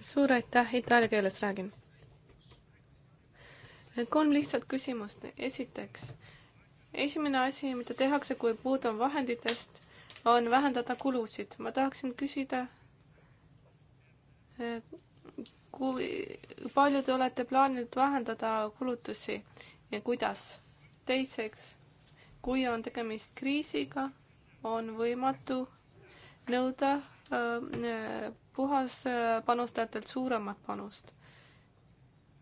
suur aitäh, itaalia keeles räägin. kolm lihtsat küsimust. esiteks, esimene asi, mida tehakse, kui puudu on vahenditest, on vähendada kulusid. ma tahaksin küsida, kui palju te olete plaaninud vähendada kulutusi ja kuidas? teiseks, kui on tegemist kriisiga, on võimatu nõuda puhas panustajatelt suuremat panust.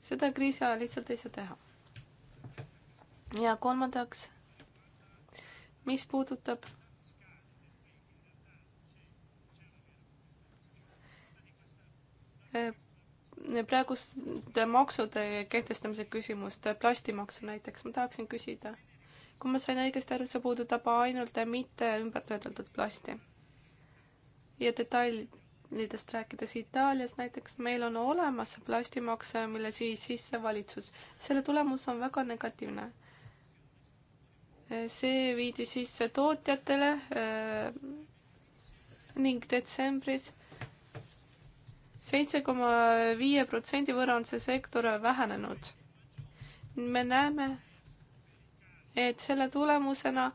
seda kriisi ajal lihtsalt ei saa teha. ja kolmandaks, mis puudutab praeguste maksude kehtestamise küsimust, plastimaksu näiteks, ma tahaksin küsida, kui ma sain õigesti aru, see puudutab ainult mitte ümbertöödeldud plasti ja detailidest rääkides Itaalias näiteks meil on olemas plastimakse, mille siis sisse valitsus. selle tulemus on väga negatiivne. see viidi sisse tootjatele äh, ning detsembris seitse koma viie protsendi võrra on see sektor vähenenud. me näeme, et selle tulemusena äh,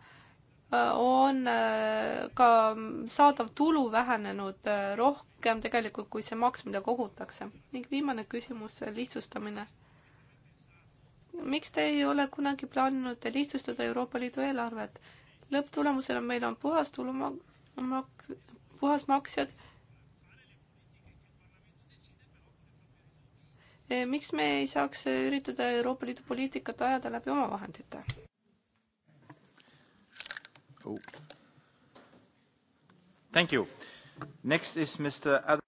on äh, ka saadav tulu vähenenud äh, rohkem tegelikult kui see maks, mida kogutakse. ning viimane küsimus, lihtsustamine. miks te ei ole kunagi plaaninud lihtsustada Euroopa Liidu eelarvet? lõpptulemusena meil on puhas tulumaks, puhasmaksjad miks me ei saaks üritada Euroopa Liidu poliitikat ajada läbi omavahendite? Oh. Thank you. Next is Mr. Ad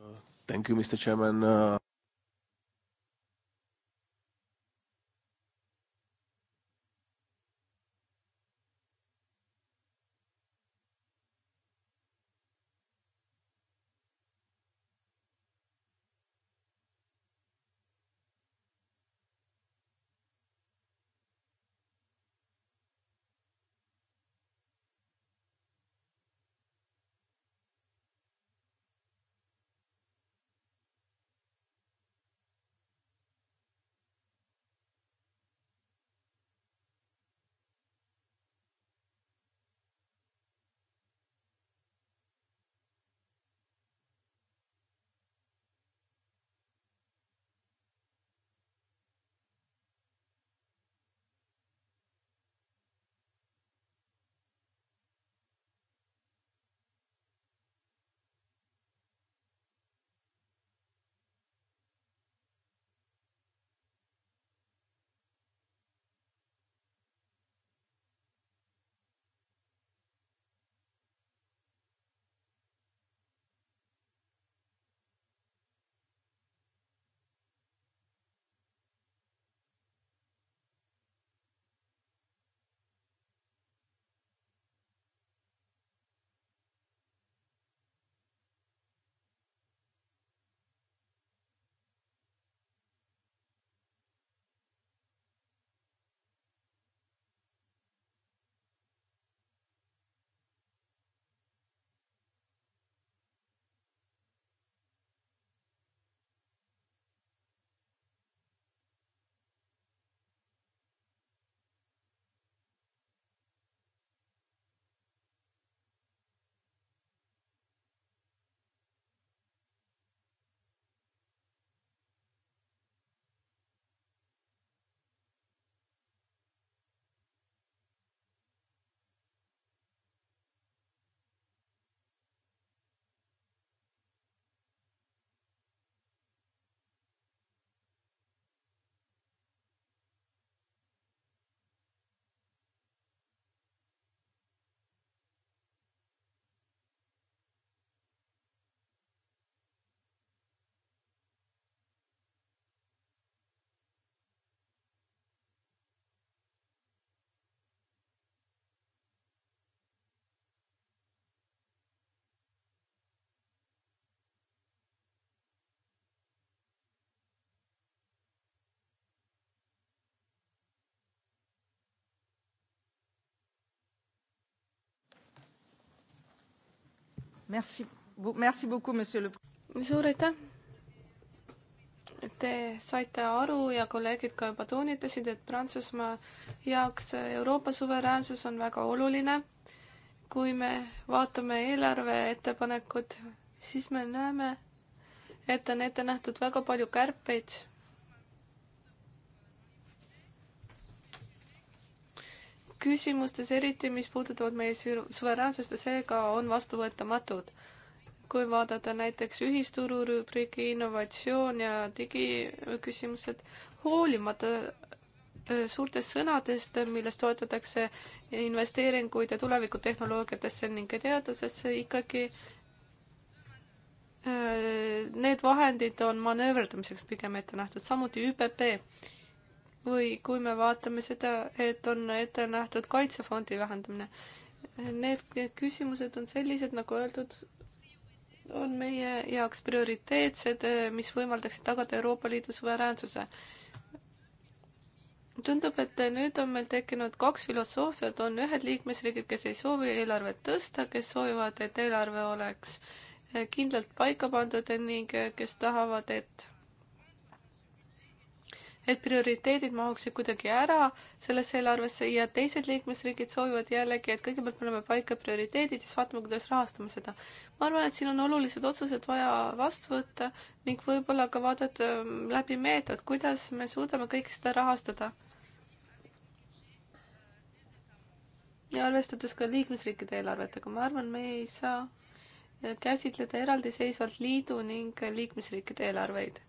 uh, Thank you, Mr. Chairman. Uh... suur aitäh! Te saite aru ja kolleegid ka juba toonitasid, et Prantsusmaa jaoks Euroopa suveräänsus on väga oluline. kui me vaatame eelarve ettepanekut, siis me näeme, et on ette nähtud väga palju kärpeid küsimustes, eriti mis puudutavad meie suveräänsust ja seega on vastuvõetamatud. kui vaadata näiteks ühisturu rubriigi innovatsioon ja digiküsimused, hoolimata äh, suurtest sõnadest, milles toetatakse investeeringuid ja tulevikutehnoloogiatesse ning teadusesse, ikkagi äh, need vahendid on manööverdamiseks pigem ette nähtud, samuti ÜPP või kui me vaatame seda, et on ette nähtud kaitsefondi vähendamine. Need, need küsimused on sellised, nagu öeldud, on meie jaoks prioriteetsed, mis võimaldaksid tagada Euroopa Liidu suveräänsuse. tundub, et nüüd on meil tekkinud kaks filosoofiat, on ühed liikmesriigid, kes ei soovi eelarvet tõsta, kes soovivad, et eelarve oleks kindlalt paika pandud ning kes tahavad, et et prioriteedid mahuksid kuidagi ära sellesse eelarvesse ja teised liikmesriigid soovivad jällegi, et kõigepealt paneme paika prioriteedid, siis vaatame, kuidas rahastame seda. ma arvan, et siin on olulised otsused vaja vastu võtta ning võib-olla ka vaadata ähm, läbi meetod, kuidas me suudame kõike seda rahastada. ja arvestades ka liikmesriikide eelarvetega, ma arvan, me ei saa äh, käsitleda eraldiseisvalt liidu ning liikmesriikide eelarveid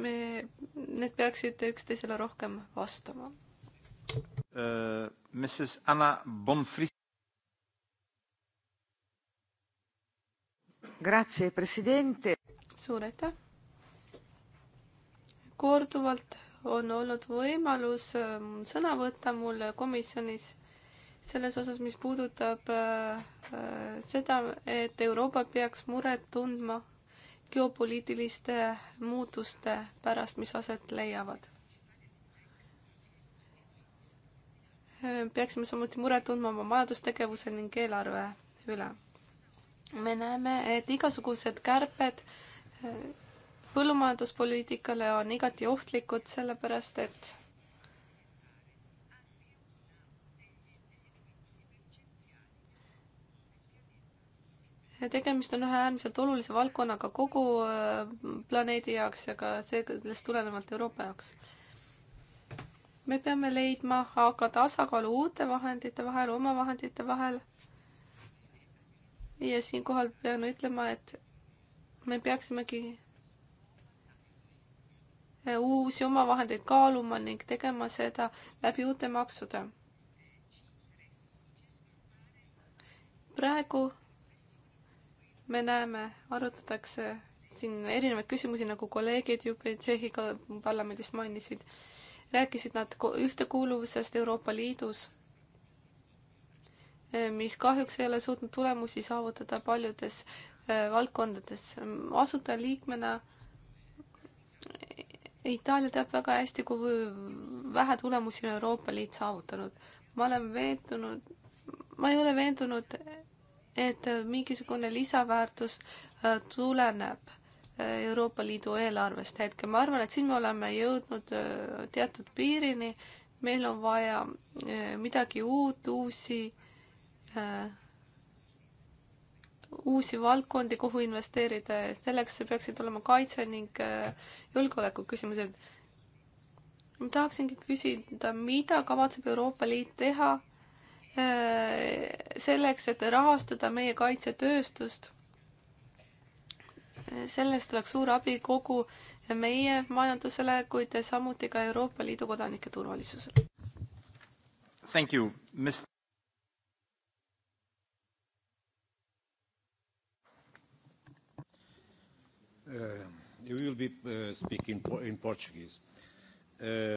me, need peaksid üksteisele rohkem vastama uh,. Äh, Mrs Anna Bonfris. Grazie, president. suur aitäh. korduvalt on olnud võimalus äh, sõna võtta mul komisjonis selles osas, mis puudutab äh, seda, et Euroopa peaks muret tundma geopoliitiliste muutuste pärast, mis aset leiavad. peaksime samuti muret tundma oma majandustegevuse ning eelarve üle. me näeme, et igasugused kärped eh, põllumajanduspoliitikale on igati ohtlikud, sellepärast et tegemist on ühe äärmiselt olulise valdkonnaga kogu äh, planeedi jaoks ja ka sellest tulenevalt Euroopa jaoks. me peame leidma aga tasakaalu uute vahendite vahel, oma vahendite vahel. ja siinkohal pean ütlema, et me peaksimegi äh, uusi omavahendeid kaaluma ning tegema seda läbi uute maksude. praegu me näeme, arutatakse siin erinevaid küsimusi, nagu kolleegid juba Tšehhi parlamendist mainisid, rääkisid nad ühtekuuluvusest Euroopa Liidus, e, mis kahjuks ei ole suutnud tulemusi saavutada paljudes e, valdkondades. asutajaliikmena e, Itaalia teab väga hästi, kui vähe tulemusi on Euroopa Liit saavutanud. ma olen veendunud, ma ei ole veendunud, et äh, mingisugune lisaväärtus äh, tuleneb äh, Euroopa Liidu eelarvest hetkel. ma arvan, et siin me oleme jõudnud teatud piirini, meil on vaja midagi uut, uusi, uusi valdkondi, kuhu investeerida ja selleks peaksid olema kaitse ning julgeoleku küsimused. ma tahaksingi küsida, mida kavatseb Euroopa Liit teha Äh, selleks, et rahastada meie kaitsetööstust. Äh, sellest oleks suur abi kogu meie majandusele, kuid samuti ka Euroopa Liidu kodanike turvalisusele. Thank you, Mr. Uh, you will be uh, speaking in Portuguese. Uh...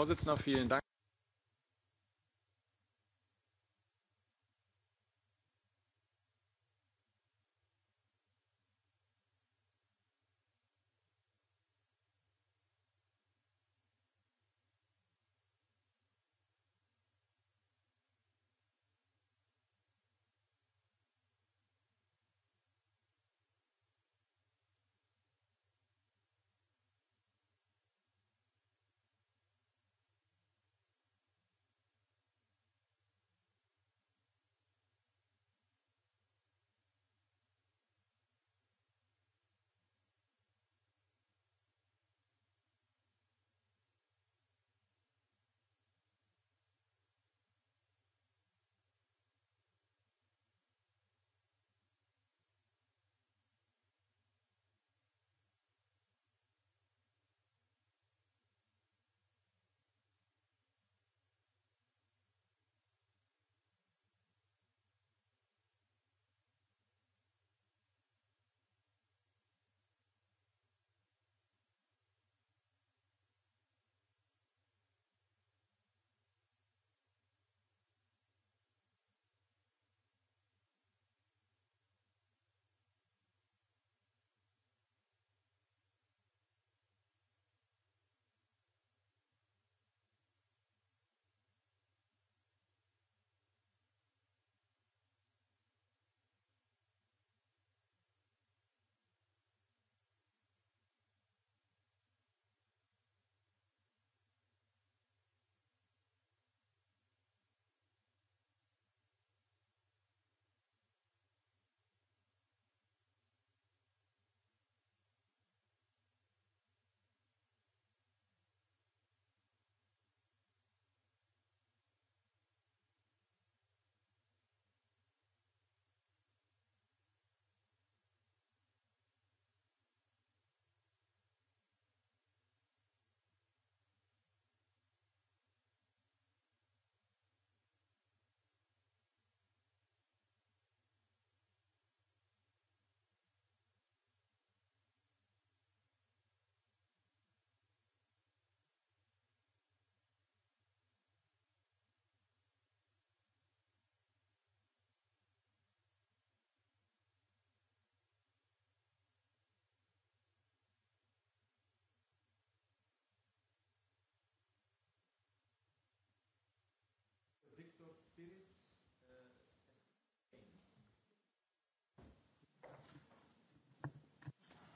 vorsitzender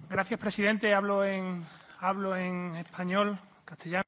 Gracias, presidente. Hablo en, hablo en español, castellano.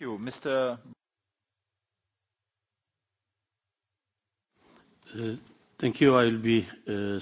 Mister... Uh, thank you, I will be uh...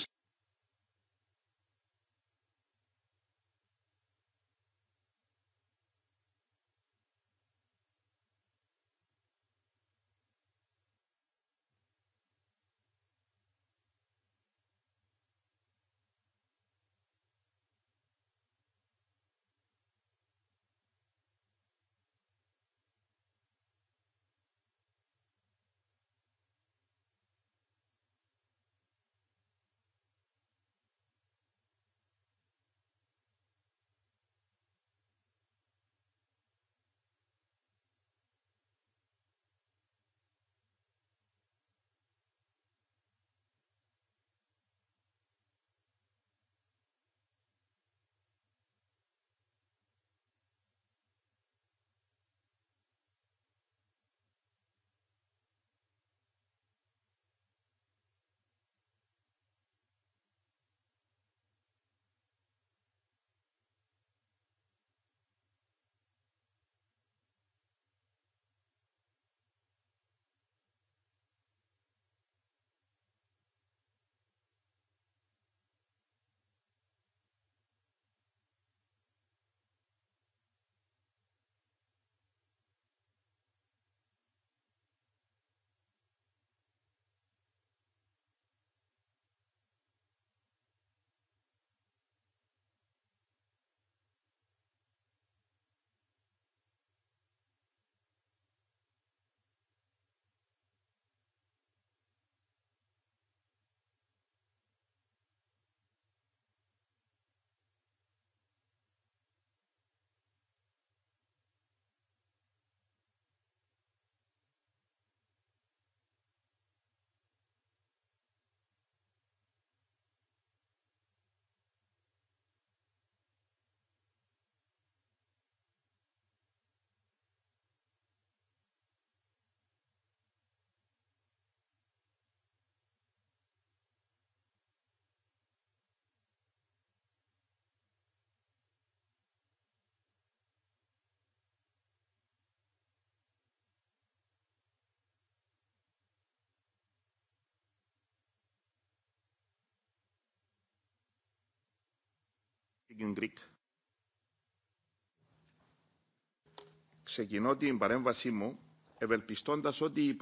Κιουγκρίκ. Ξεκινώ την παρέμβασή μου ευελπιστώντας ότι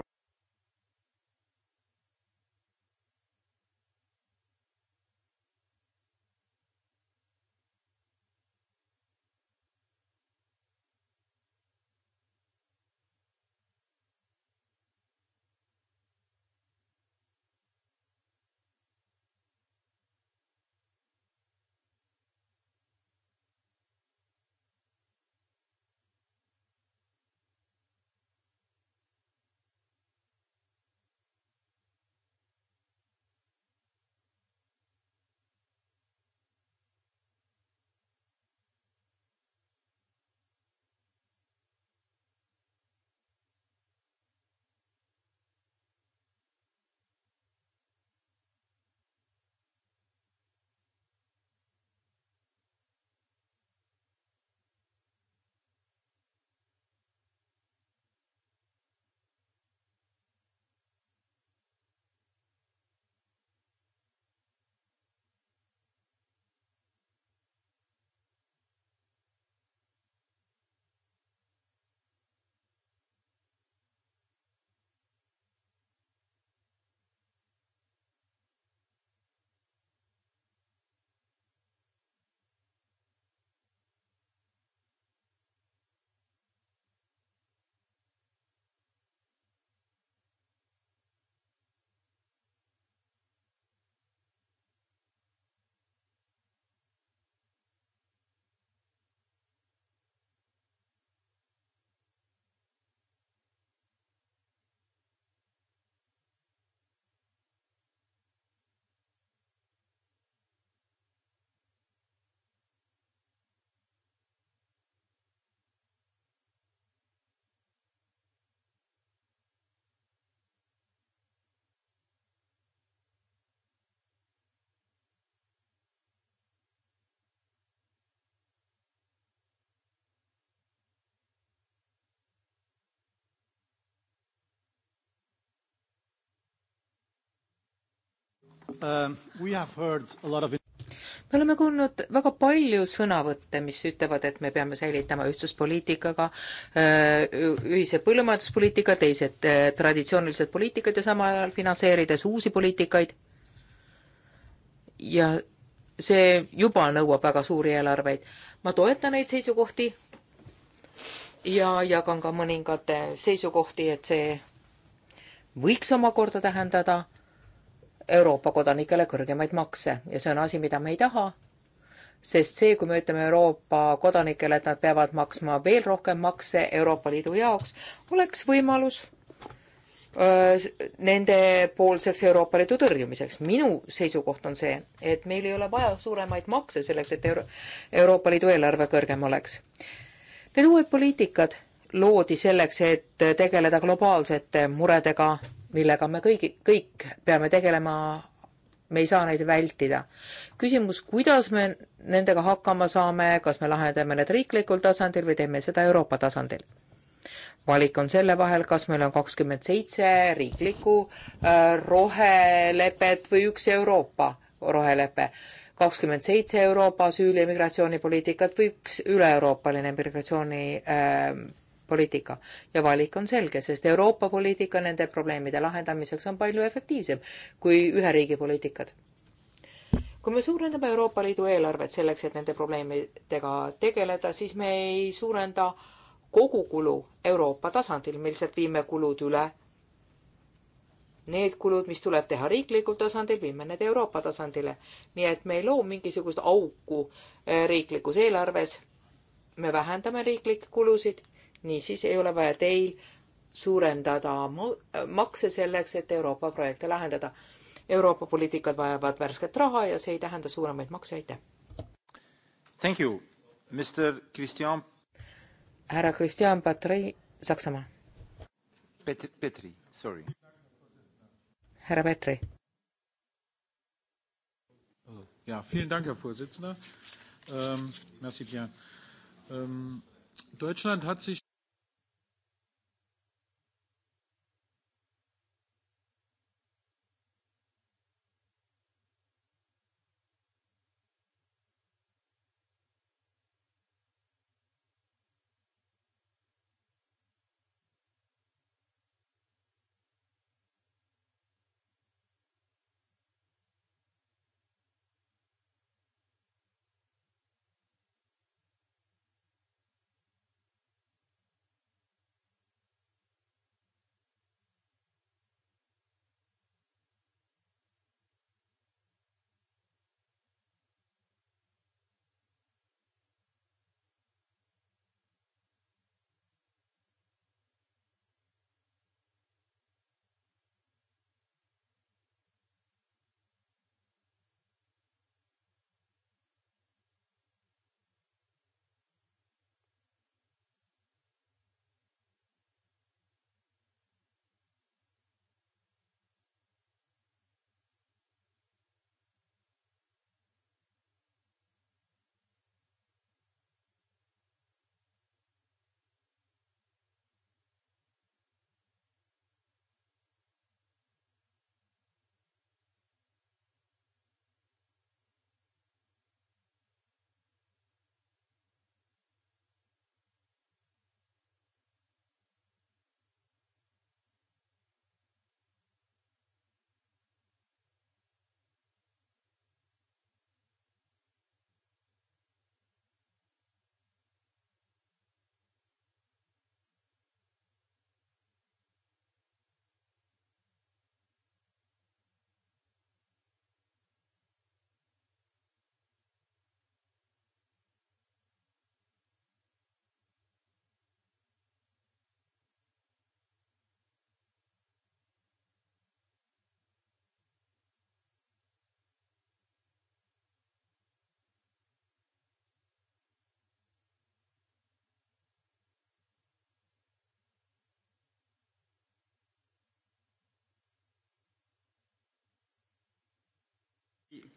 Uh, me oleme kuulnud väga palju sõnavõtte, mis ütlevad, et me peame säilitama ühtsuspoliitikaga, uh, ühise põllumajanduspoliitika, teised uh, traditsioonilised poliitikad ja samal ajal finantseerides uusi poliitikaid. ja see juba nõuab väga suuri eelarveid. ma toetan neid seisukohti ja jagan ka mõningate seisukohti, et see võiks omakorda tähendada Euroopa kodanikele kõrgemaid makse ja see on asi, mida me ei taha, sest see, kui me ütleme Euroopa kodanikele, et nad peavad maksma veel rohkem makse Euroopa Liidu jaoks, oleks võimalus nendepoolseks Euroopa Liidu tõrjumiseks. minu seisukoht on see, et meil ei ole vaja suuremaid makse selleks, et Euro Euroopa Liidu eelarve kõrgem oleks. Need uued poliitikad loodi selleks, et tegeleda globaalsete muredega millega me kõigi, kõik peame tegelema, me ei saa neid vältida. küsimus, kuidas me nendega hakkama saame, kas me lahendame need riiklikul tasandil või teeme seda Euroopa tasandil? valik on selle vahel, kas meil on kakskümmend seitse riiklikku äh, rohelepet või üks Euroopa rohelepe kakskümmend seitse Euroopa asüüli- ja migratsioonipoliitikat või üks üle-euroopaline migratsioonipoliitika äh, poliitika ja valik on selge, sest Euroopa poliitika nende probleemide lahendamiseks on palju efektiivsem kui ühe riigi poliitikad. kui me suurendame Euroopa Liidu eelarvet selleks, et nende probleemidega tegeleda, siis me ei suurenda kogukulu Euroopa tasandil, me lihtsalt viime kulud üle. Need kulud, mis tuleb teha riiklikul tasandil, viime need Euroopa tasandile. nii et me ei loo mingisugust auku eh, riiklikus eelarves me vähendame riiklikke kulusid niisiis ei ole vaja teil suurendada makse selleks, et Euroopa projekte lahendada. Euroopa poliitikad vajavad värsket raha ja see ei tähenda suuremaid makse, aitäh. Thank you, Mr Christian. härra Christian Patrei, Saksamaa. Pet-, Petri, sorry. härra Petri. Ja, vielen Dank, Herr Vorsitzender. Ähm, merci bien. Ähm, Deutschland hat sich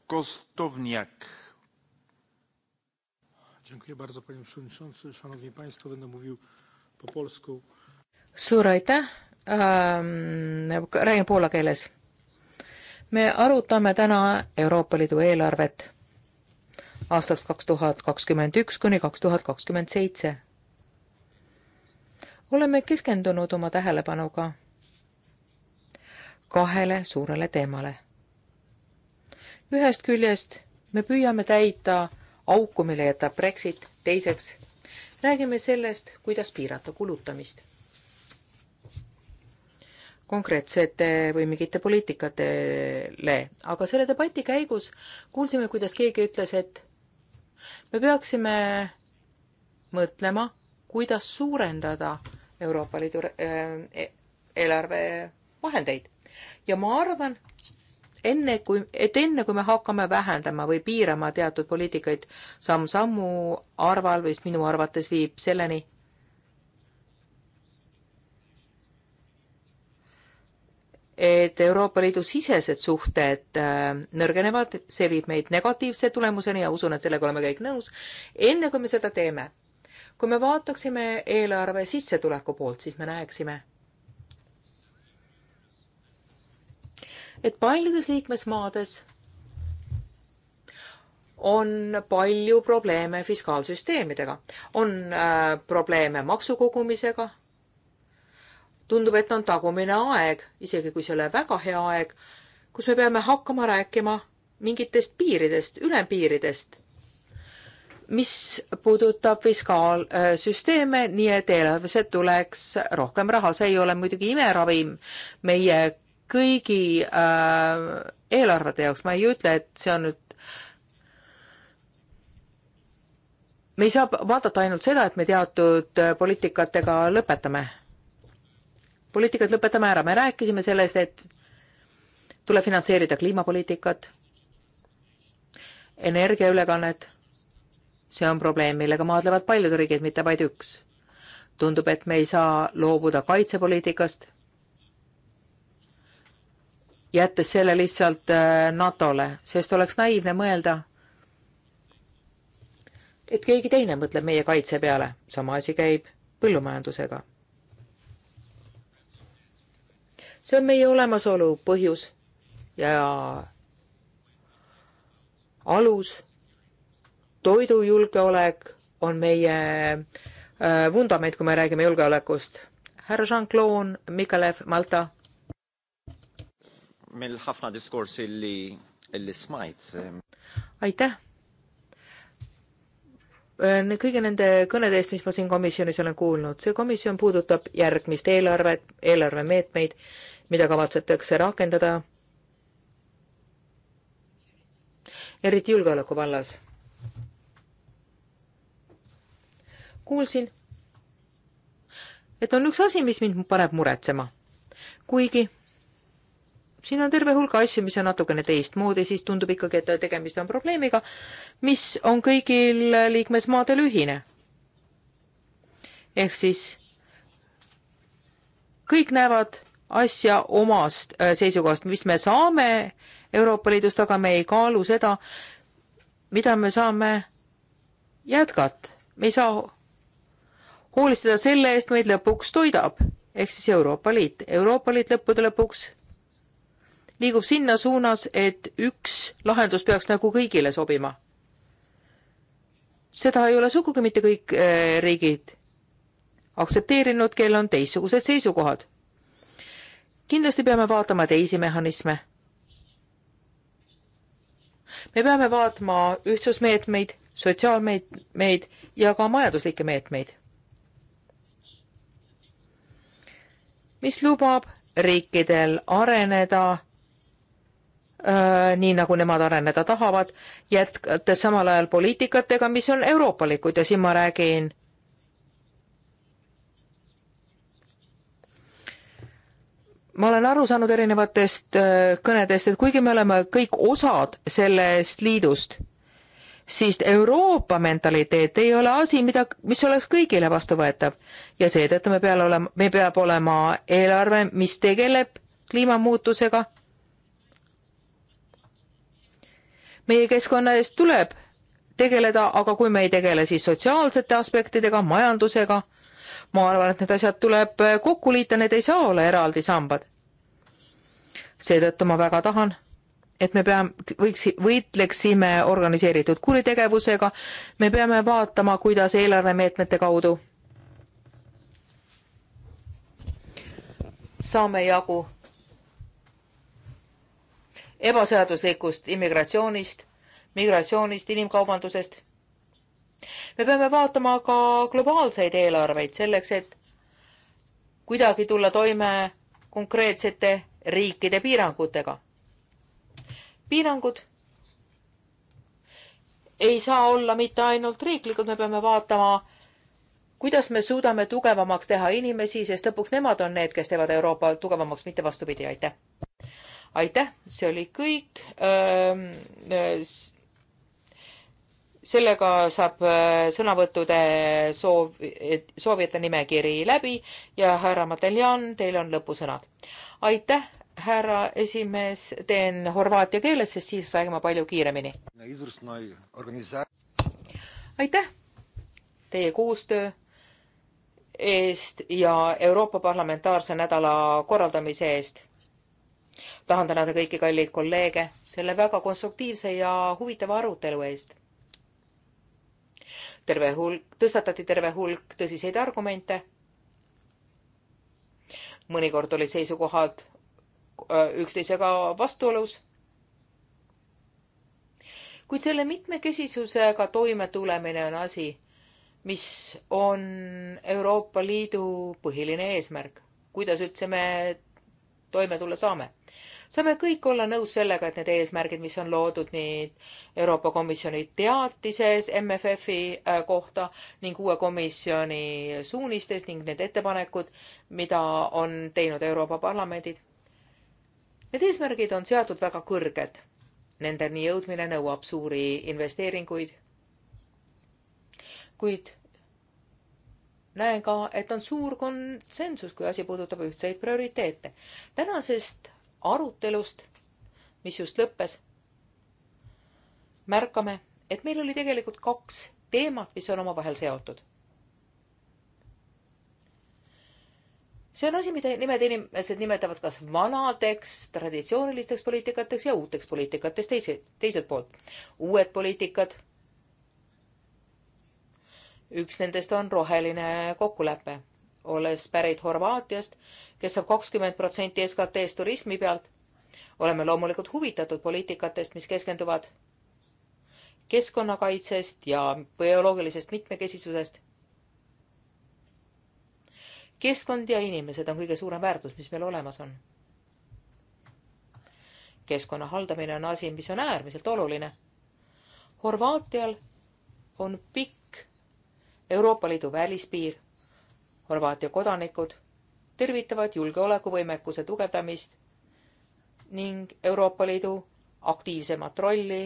Kostowniak. Dziękuję bardzo, panie przewodniczący. Szanowni państwo, będę mówił po polsku. Suur aitäh ähm,, räägin poola keeles. me arutame täna Euroopa Liidu eelarvet aastaks kaks tuhat kakskümmend üks kuni kaks tuhat kakskümmend seitse. oleme keskendunud oma tähelepanuga kahele suurele teemale ühest küljest me püüame täita auku, mille jätab Brexit, teiseks räägime sellest, kuidas piirata kulutamist. konkreetsete või mingite poliitikatele, aga selle debati käigus kuulsime, kuidas keegi ütles, et me peaksime mõtlema, kuidas suurendada Euroopa Liidu äh, e-, eelarve vahendeid. ja ma arvan, enne kui, et enne kui me hakkame vähendama või piirama teatud poliitikaid, samm-sammu arval või minu arvates viib selleni, et Euroopa Liidu sisesed suhted äh, nõrgenevad, see viib meid negatiivse tulemuseni ja usun, et sellega oleme kõik nõus, enne kui me seda teeme. kui me vaataksime eelarve sissetuleku poolt, siis me näeksime et paljudes liikmesmaades on palju probleeme fiskaalsüsteemidega, on äh, probleeme maksukogumisega. tundub, et on tagumine aeg, isegi kui see ei ole väga hea aeg, kus me peame hakkama rääkima mingitest piiridest, ülempiiridest, mis puudutab fiskaalsüsteeme, nii et eelarvesse tuleks rohkem raha, see ei ole muidugi imeravim meie kõigi äh, eelarvete jaoks, ma ei ütle, et see on nüüd me ei saa vaadata ainult seda, et me teatud äh, poliitikatega lõpetame. poliitikat lõpetame ära, me rääkisime sellest, et tuleb finantseerida kliimapoliitikat, energiaülekannet, see on probleem, millega maadlevad paljud riigid, mitte vaid üks. tundub, et me ei saa loobuda kaitsepoliitikast jättes selle lihtsalt äh, NATO-le, sest oleks naiivne mõelda, et keegi teine mõtleb meie kaitse peale. sama asi käib põllumajandusega. see on meie olemasolu põhjus ja alus. toidujulgeolek on meie äh, vundament, kui me räägime julgeolekust. härra Jean-Claude Mikalev, Malta mill ħafna diskorsi li, li smajt. aitäh! Äh, kõigi nende kõnede eest, mis ma siin komisjonis olen kuulnud, see komisjon puudutab järgmist eelarvet, eelarvemeetmeid, mida kavatsetakse rakendada, eriti julgeoleku vallas. kuulsin, et on üks asi, mis mind paneb muretsema, kuigi siin on terve hulk asju, mis on natukene teistmoodi, siis tundub ikkagi, et tegemist on probleemiga, mis on kõigil liikmesmaadel ühine. ehk siis kõik näevad asja omast äh, seisukohast, mis me saame Euroopa Liidust, aga me ei kaalu seda, mida me saame jätkata. me ei saa hoolitseda selle eest, meid lõpuks toidab, ehk siis Euroopa Liit. Euroopa Liit lõppude lõpuks liigub sinna suunas, et üks lahendus peaks nagu kõigile sobima. seda ei ole sugugi mitte kõik äh, riigid aktsepteerinud, kellel on teistsugused seisukohad. kindlasti peame vaatama teisi mehhanisme. me peame vaatama ühtsusmeetmeid, sotsiaalmeetmeid ja ka majanduslikke meetmeid, mis lubab riikidel areneda Äh, nii nagu nemad areneda tahavad, jätkates samal ajal poliitikatega, mis on euroopalikud ja siin ma räägin ma olen aru saanud erinevatest äh, kõnedest, et kuigi me oleme kõik osad sellest liidust, siis Euroopa mentaliteet ei ole asi, mida, mis oleks kõigile vastuvõetav. ja seetõttu me peame olema, meil peab olema eelarve, mis tegeleb kliimamuutusega meie keskkonna eest tuleb tegeleda, aga kui me ei tegele siis sotsiaalsete aspektidega, majandusega, ma arvan, et need asjad tuleb kokku liita, need ei saa olla eraldi sambad. seetõttu ma väga tahan, et me peame, võiks, võitleksime organiseeritud kuritegevusega, me peame vaatama, kuidas eelarvemeetmete kaudu saame jagu ebaseaduslikust immigratsioonist, migratsioonist, inimkaubandusest. me peame vaatama ka globaalseid eelarveid selleks, et kuidagi tulla toime konkreetsete riikide piirangutega. piirangud ei saa olla mitte ainult riiklikud, me peame vaatama, kuidas me suudame tugevamaks teha inimesi, sest lõpuks nemad on need, kes teevad Euroopa tugevamaks, mitte vastupidi, aitäh aitäh, see oli kõik. sellega saab sõnavõttude soov, soovijate nimekiri läbi ja härra Mateljan, teil on lõpusõnad. aitäh härra esimees, teen horvaatia keeles, sest siis sain ma palju kiiremini. aitäh teie koostöö eest ja Euroopa Parlamentaarse Nädala korraldamise eest tahan tänada kõiki kalleid kolleege selle väga konstruktiivse ja huvitava arutelu eest. terve hulk, tõstatati terve hulk tõsiseid argumente. mõnikord olid seisukohad äh, üksteisega vastuolus. kuid selle mitmekesisusega toimetulemine on asi, mis on Euroopa Liidu põhiline eesmärk, kuidas üldse me toime tulla saame saame kõik olla nõus sellega, et need eesmärgid, mis on loodud nii Euroopa Komisjoni teatises MFF-i äh, kohta ning uue komisjoni suunistes ning need ettepanekud, mida on teinud Euroopa Parlamendid. Need eesmärgid on seatud väga kõrged. Nendeni jõudmine nõuab suuri investeeringuid. kuid näen ka, et on suur konsensus, kui asi puudutab ühtseid prioriteete. tänasest arutelust, mis just lõppes, märkame, et meil oli tegelikult kaks teemat, mis on omavahel seotud. see on asi, mida nimed inimesed nimetavad kas vanadeks traditsioonilisteks poliitikateks ja uuteks poliitikateks teise, teiselt poolt. uued poliitikad. üks nendest on roheline kokkulepe olles pärit Horvaatiast, kes saab kakskümmend protsenti SKT-st turismi pealt, oleme loomulikult huvitatud poliitikatest, mis keskenduvad keskkonnakaitsest ja bioloogilisest mitmekesisusest. keskkond ja inimesed on kõige suurem väärtus, mis meil olemas on. keskkonna haldamine on asi, mis on äärmiselt oluline. Horvaatial on pikk Euroopa Liidu välispiir Horvaatia kodanikud tervitavad julgeolekuvõimekuse tugevdamist ning Euroopa Liidu aktiivsemat rolli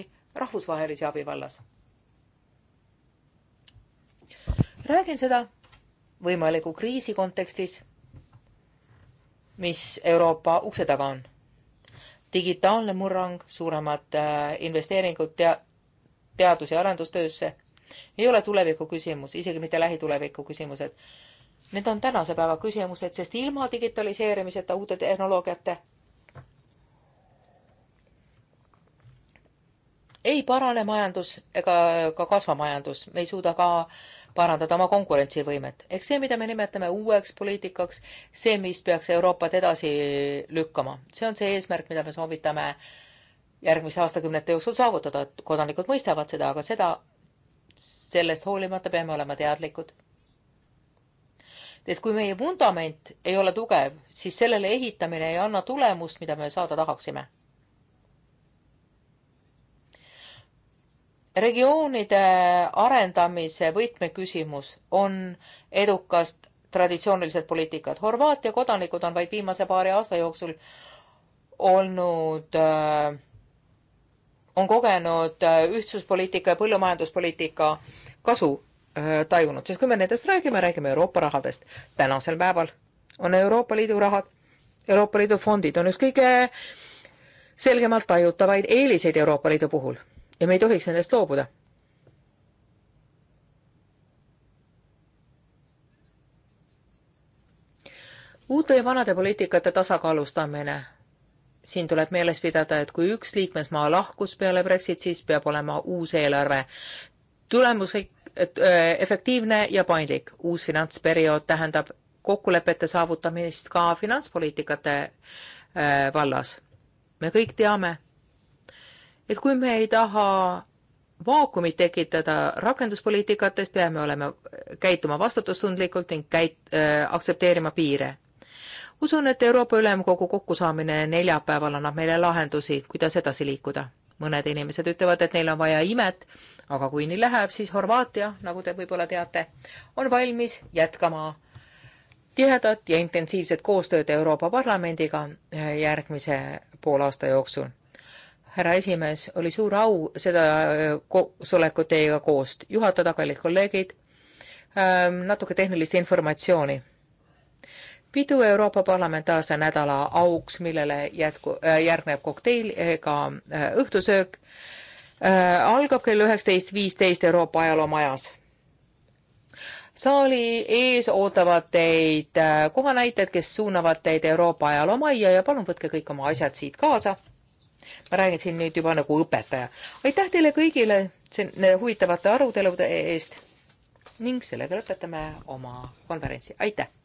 rahvusvahelise abi vallas. räägin seda võimaliku kriisi kontekstis, mis Euroopa ukse taga on. digitaalne murrang, suuremad äh, investeeringud tea-, teadus- ja arendustöösse ei ole tuleviku küsimus, isegi mitte lähituleviku küsimused Need on tänase päeva küsimused, sest ilma digitaliseerimiseta, uute tehnoloogiate ei parane majandus ega ka kasva majandus, me ei suuda ka parandada oma konkurentsivõimet. ehk see, mida me nimetame uueks poliitikaks, see, mis peaks Euroopat edasi lükkama, see on see eesmärk, mida me soovitame järgmise aastakümnete jooksul saavutada, et kodanikud mõistavad seda, aga seda, sellest hoolimata peame olema teadlikud et kui meie vundament ei ole tugev, siis sellele ehitamine ei anna tulemust, mida me saada tahaksime. regioonide arendamise võtmeküsimus on edukas traditsioonilised poliitikad. Horvaatia kodanikud on vaid viimase paari aasta jooksul olnud äh, on kogenud äh, ühtsuspoliitika ja põllumajanduspoliitika kasu. Äh, tajunud, sest kui me nendest räägime, räägime Euroopa rahadest. tänasel päeval on Euroopa Liidu rahad, Euroopa Liidu fondid on üks kõige selgemalt tajutavaid eeliseid Euroopa Liidu puhul ja me ei tohiks nendest loobuda. uute ja vanade poliitikate tasakaalustamine siin tuleb meeles pidada, et kui üks liikmesmaa lahkus peale Brexit, siis peab olema uus eelarve. tulemuslik Äh, efektiivne ja paindlik. uus finantsperiood tähendab kokkulepete saavutamist ka finantspoliitikate äh, vallas. me kõik teame, et kui me ei taha vaakumit tekitada rakenduspoliitikatest, peame olema, käituma vastutustundlikult ning käit- äh,, aktsepteerima piire. usun, et Euroopa Ülemkogu kokkusaamine neljapäeval annab meile lahendusi, kuidas edasi liikuda. mõned inimesed ütlevad, et neil on vaja imet, aga kui nii läheb, siis Horvaatia, nagu te võib-olla teate, on valmis jätkama tihedat ja intensiivset koostööd Euroopa Parlamendiga eh, järgmise poolaasta jooksul. härra esimees, oli suur au seda eh, koosolekut teiega koos juhatada, kallid kolleegid. Ähm, natuke tehnilist informatsiooni pidu Euroopa parlamentaarse nädala auks, millele jätku, äh, järgneb kokteil ega äh, õhtusöök Äh, algab kell üheksateist viisteist Euroopa ajaloomajas. saali ees ootavad teid äh, kohanäitajad, kes suunavad teid Euroopa ajaloomajja ja palun võtke kõik oma asjad siit kaasa. ma räägin siin nüüd juba nagu õpetaja. aitäh teile kõigile äh, huvitavate arutelude e-, eest ning sellega lõpetame oma konverentsi, aitäh!